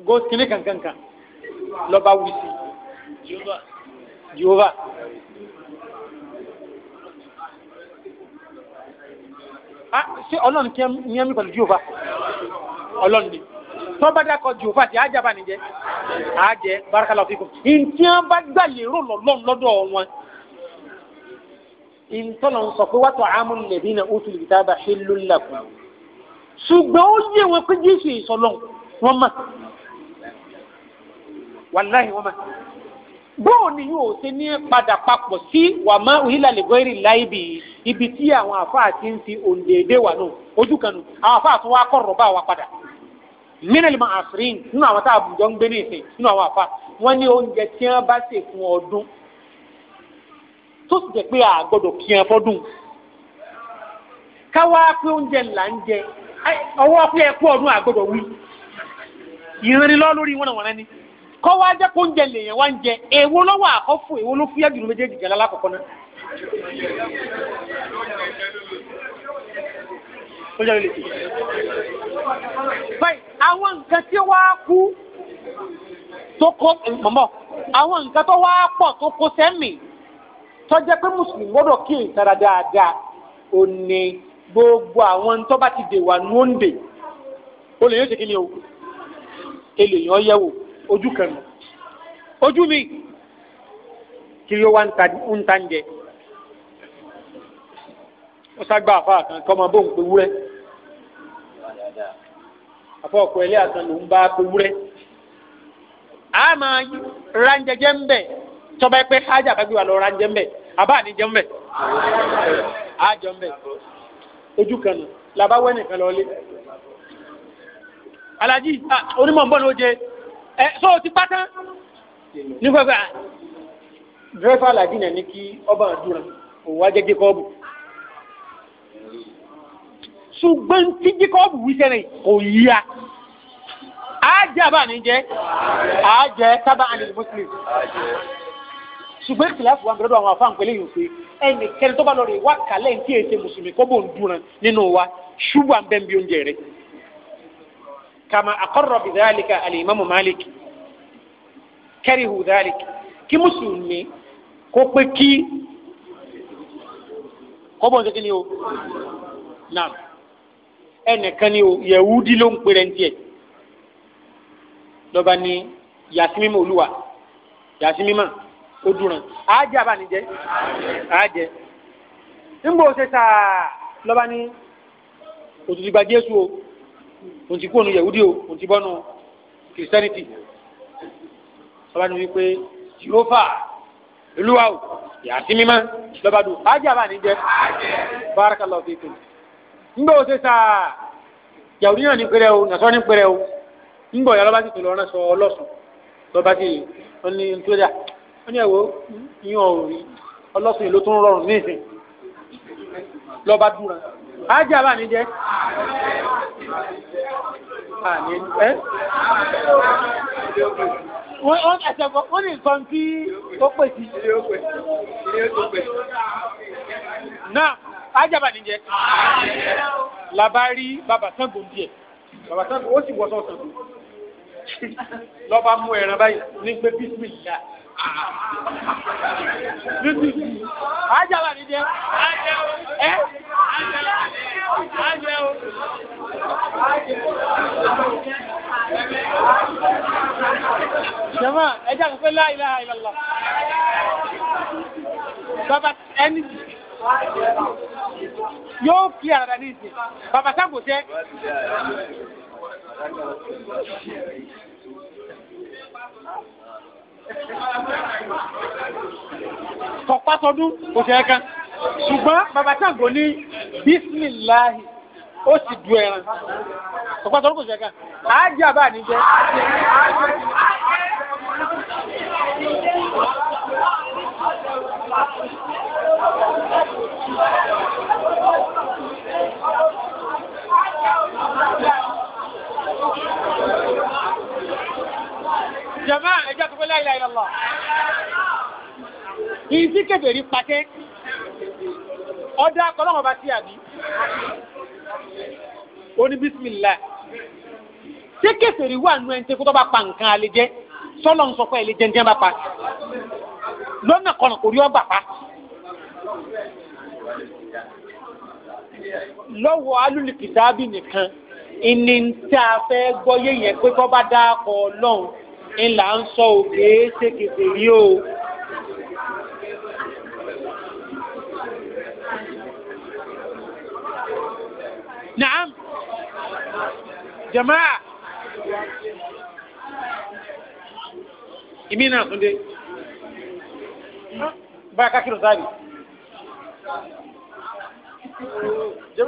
S2: go kini kankan kan lọ́ba wisi Jehovah. Ah,
S1: ṣé ọlọ́run kí ni ẹ mi pẹ̀lú jehova
S2: ọlọ́run ni tó
S1: bá dákọ̀ jehova ti àjàbá nìjẹ́ àjẹ́ barakallahu fikum ntí wọn bá gbà lérò lọ́lọ́run lọ́dọ̀ wọn ìtọ́nà ń sọ pé wa ta'amul ladina utul kitaba hillul lakum ṣùgbọ́n ó yé wọn pé jésù ìsọlọ́run wọn mọ̀ wàláhì wọn mọ̀ bóò ni yóò ṣe ní padà papọ̀ sí wàmá òhìlàlẹ́gọ́rì láìbì ibi tí àwọn àfáà ti ń fi òǹdèdè wà nù ojú kan nù àwọn àfáà tó wá kọ̀rọ̀ bá wa padà mínàlì máa àfìrín nínú àwọn tá a bùjọ ń gbé ní ìsìn nínú àwọn àfáà wọ́n ní oúnjẹ tí wọ́n bá ṣe fún ọdún tó sì jẹ́ pé a kí wọn fọ́dún káwá pé oúnjẹ là ń jẹ ọwọ́ pé ẹ kú ọdún a wí
S2: ìrìn lọ lórí wọn
S1: náà wọn náà ní kọ́ wá jẹ́ kó ń jẹ lèèyàn wá ń jẹ èwo ló wà àkọ́fù èwo ló fúyà jùlọ méjèèjì jẹ́ lálákọ̀ọ́kọ́ náà. báyìí àwọn nǹkan tí wàá kú tó kó mọ̀mọ́ àwọn nǹkan tó wàá pọ̀ tó kó sẹ́mì tó jẹ́ pé mùsùlùmí gbọ́dọ̀ kí ìtara dáadáa ò ní gbogbo àwọn tó bá ti dè wà ní òǹdè olè yóò ṣe kí ni o èlèyàn yẹ wò ojú kan nù ojú mi kiri wa ń ta ń jẹ ó ságbá àfa kan kọ́ máa bóun pé wúrẹ́ àfọ ọkọ ilé àtàn ló ń bá pé wúrẹ́ a máa ránjẹjẹ ń bẹ̀ tọ́ba pé hájà bá gbé wa lọ ránjẹ ń bẹ̀ àbá àníjẹ ń bẹ̀ àjọ ń bẹ̀ ojú kan nù làbá wẹ́nìkan lọ lé alájí onímọ̀ ń bọ̀ lóje ẹ so o ti pátán ní pẹ́pẹ́ dírẹ́fà làdínà ní kí ọba àdúrà òun wá jẹ́ Jacob ṣùgbọ́n tí Jacob wí sẹ́rẹ̀ kò yíya àjẹ́ àbá ní jẹ́ àjẹ́ sábà àni muslim ṣùgbọ́n ìtìláfù wa gbọ́dọ̀ àwọn afáǹpẹ́ lẹ́yìn òfin ẹnì kẹrin tó bá lọ rè wá kálẹ̀ ní tí èsè mùsùlùmí kọ́ ń dúnra nínú wa ṣùgbọ́n bẹ́ẹ̀ bí oúnjẹ rẹ̀. كما أقر بذلك الإمام مالك كره ذلك kí mùsùlùmí kó pé kí kọ́bọ̀ ṣe kí ni o náà ẹnìkan ni o yẹ̀wúdí ló ń pèrè ń tiẹ̀ lọ́ba ní yàsímímọ̀ olúwa yàsímímọ̀ ó dùnrán àájẹ́ àbánijẹ́ àájẹ́ ńgbò ṣe sáà lọ́ba ní òtútù gba Jésù o òun ti kú òun yahudi o òun ti bọ́nu christianity ọba ni wípé jehova olúwa o yàtí mímá lọ́ba dùn ájá bá ní jẹ barakallahu fikum ńgbẹ́ òṣè sáà yahudi náà ní pẹ́rẹ́ o nàṣọ́ ní pẹ́rẹ́ o ńgbọ̀ yàrá bá ti tòlọ́ ọ̀rán sọ ọlọ́sùn lọ́ba ti wọ́n ní ntúdà wọ́n ní ẹ̀wọ́ yín ọ̀rí ọlọ́sùn yìí ló tún rọrùn ní lọ́ba dùn ájá bá ní jẹ
S2: àní wọ́n ẹ̀sẹ̀ ó ní nǹkan tí ó pè sí náà
S1: ajábà ní jẹ́ làbárí bàbá Ṣàngó ń díẹ̀ bàbá Ṣàngó ó sì wọ́sọ̀ Ṣàngó lọ́ba mú ẹran báyìí ní pé bísímìlá
S2: bísímìlá
S1: ajábà ní jẹ́
S2: ẹ́ jama ẹja
S1: kò fẹ́ láìlá ìlàlá
S2: bàbá ẹni
S1: yóò fi àràdà ní ìsìn bàbá sáàbò jẹ́
S2: kọ̀pá sọdún kò ṣe ẹ̀kan ṣùgbọ́n bàbá Ṣàngó ní
S1: bísíláì ó sì du ẹran ọ̀pọ̀ tọ́lú kò ṣẹ̀kan àájẹ́ àbá níjẹ́
S2: jàmáà ẹjọ́ tó fẹ́ láìláìlọ́lọ́
S1: ìsíkẹ̀bẹ̀rí pàtẹ́ ọdá akọlọ́wọ́ bá sí àbí oní bísímìlá ṣé kẹsìrì wà nù ẹni tí kó tó bá pa nǹkan alẹ́ jẹ́ sọ́lọ́ ń sọ pé ẹlẹ́jẹ́ ń jẹ́ bá pa
S2: lọ́nà kan kò rí ọgbà pa
S1: lọ́wọ́ alúlùkìtàbí nìkan ìní tí a fẹ́ gbọ́yé yẹn pé tó bá dá akọ ọlọ́run ńlá ń sọ òkè é ṣe kẹsìrì o.
S2: نعم جماعة ìmí náà tún dé
S1: báyà kákìrò sáàbì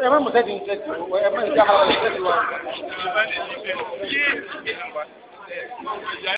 S2: ẹ má mọ̀tẹ́ ti ń tẹ́tì ẹ má ìjà ara wọn tẹ́tì wa.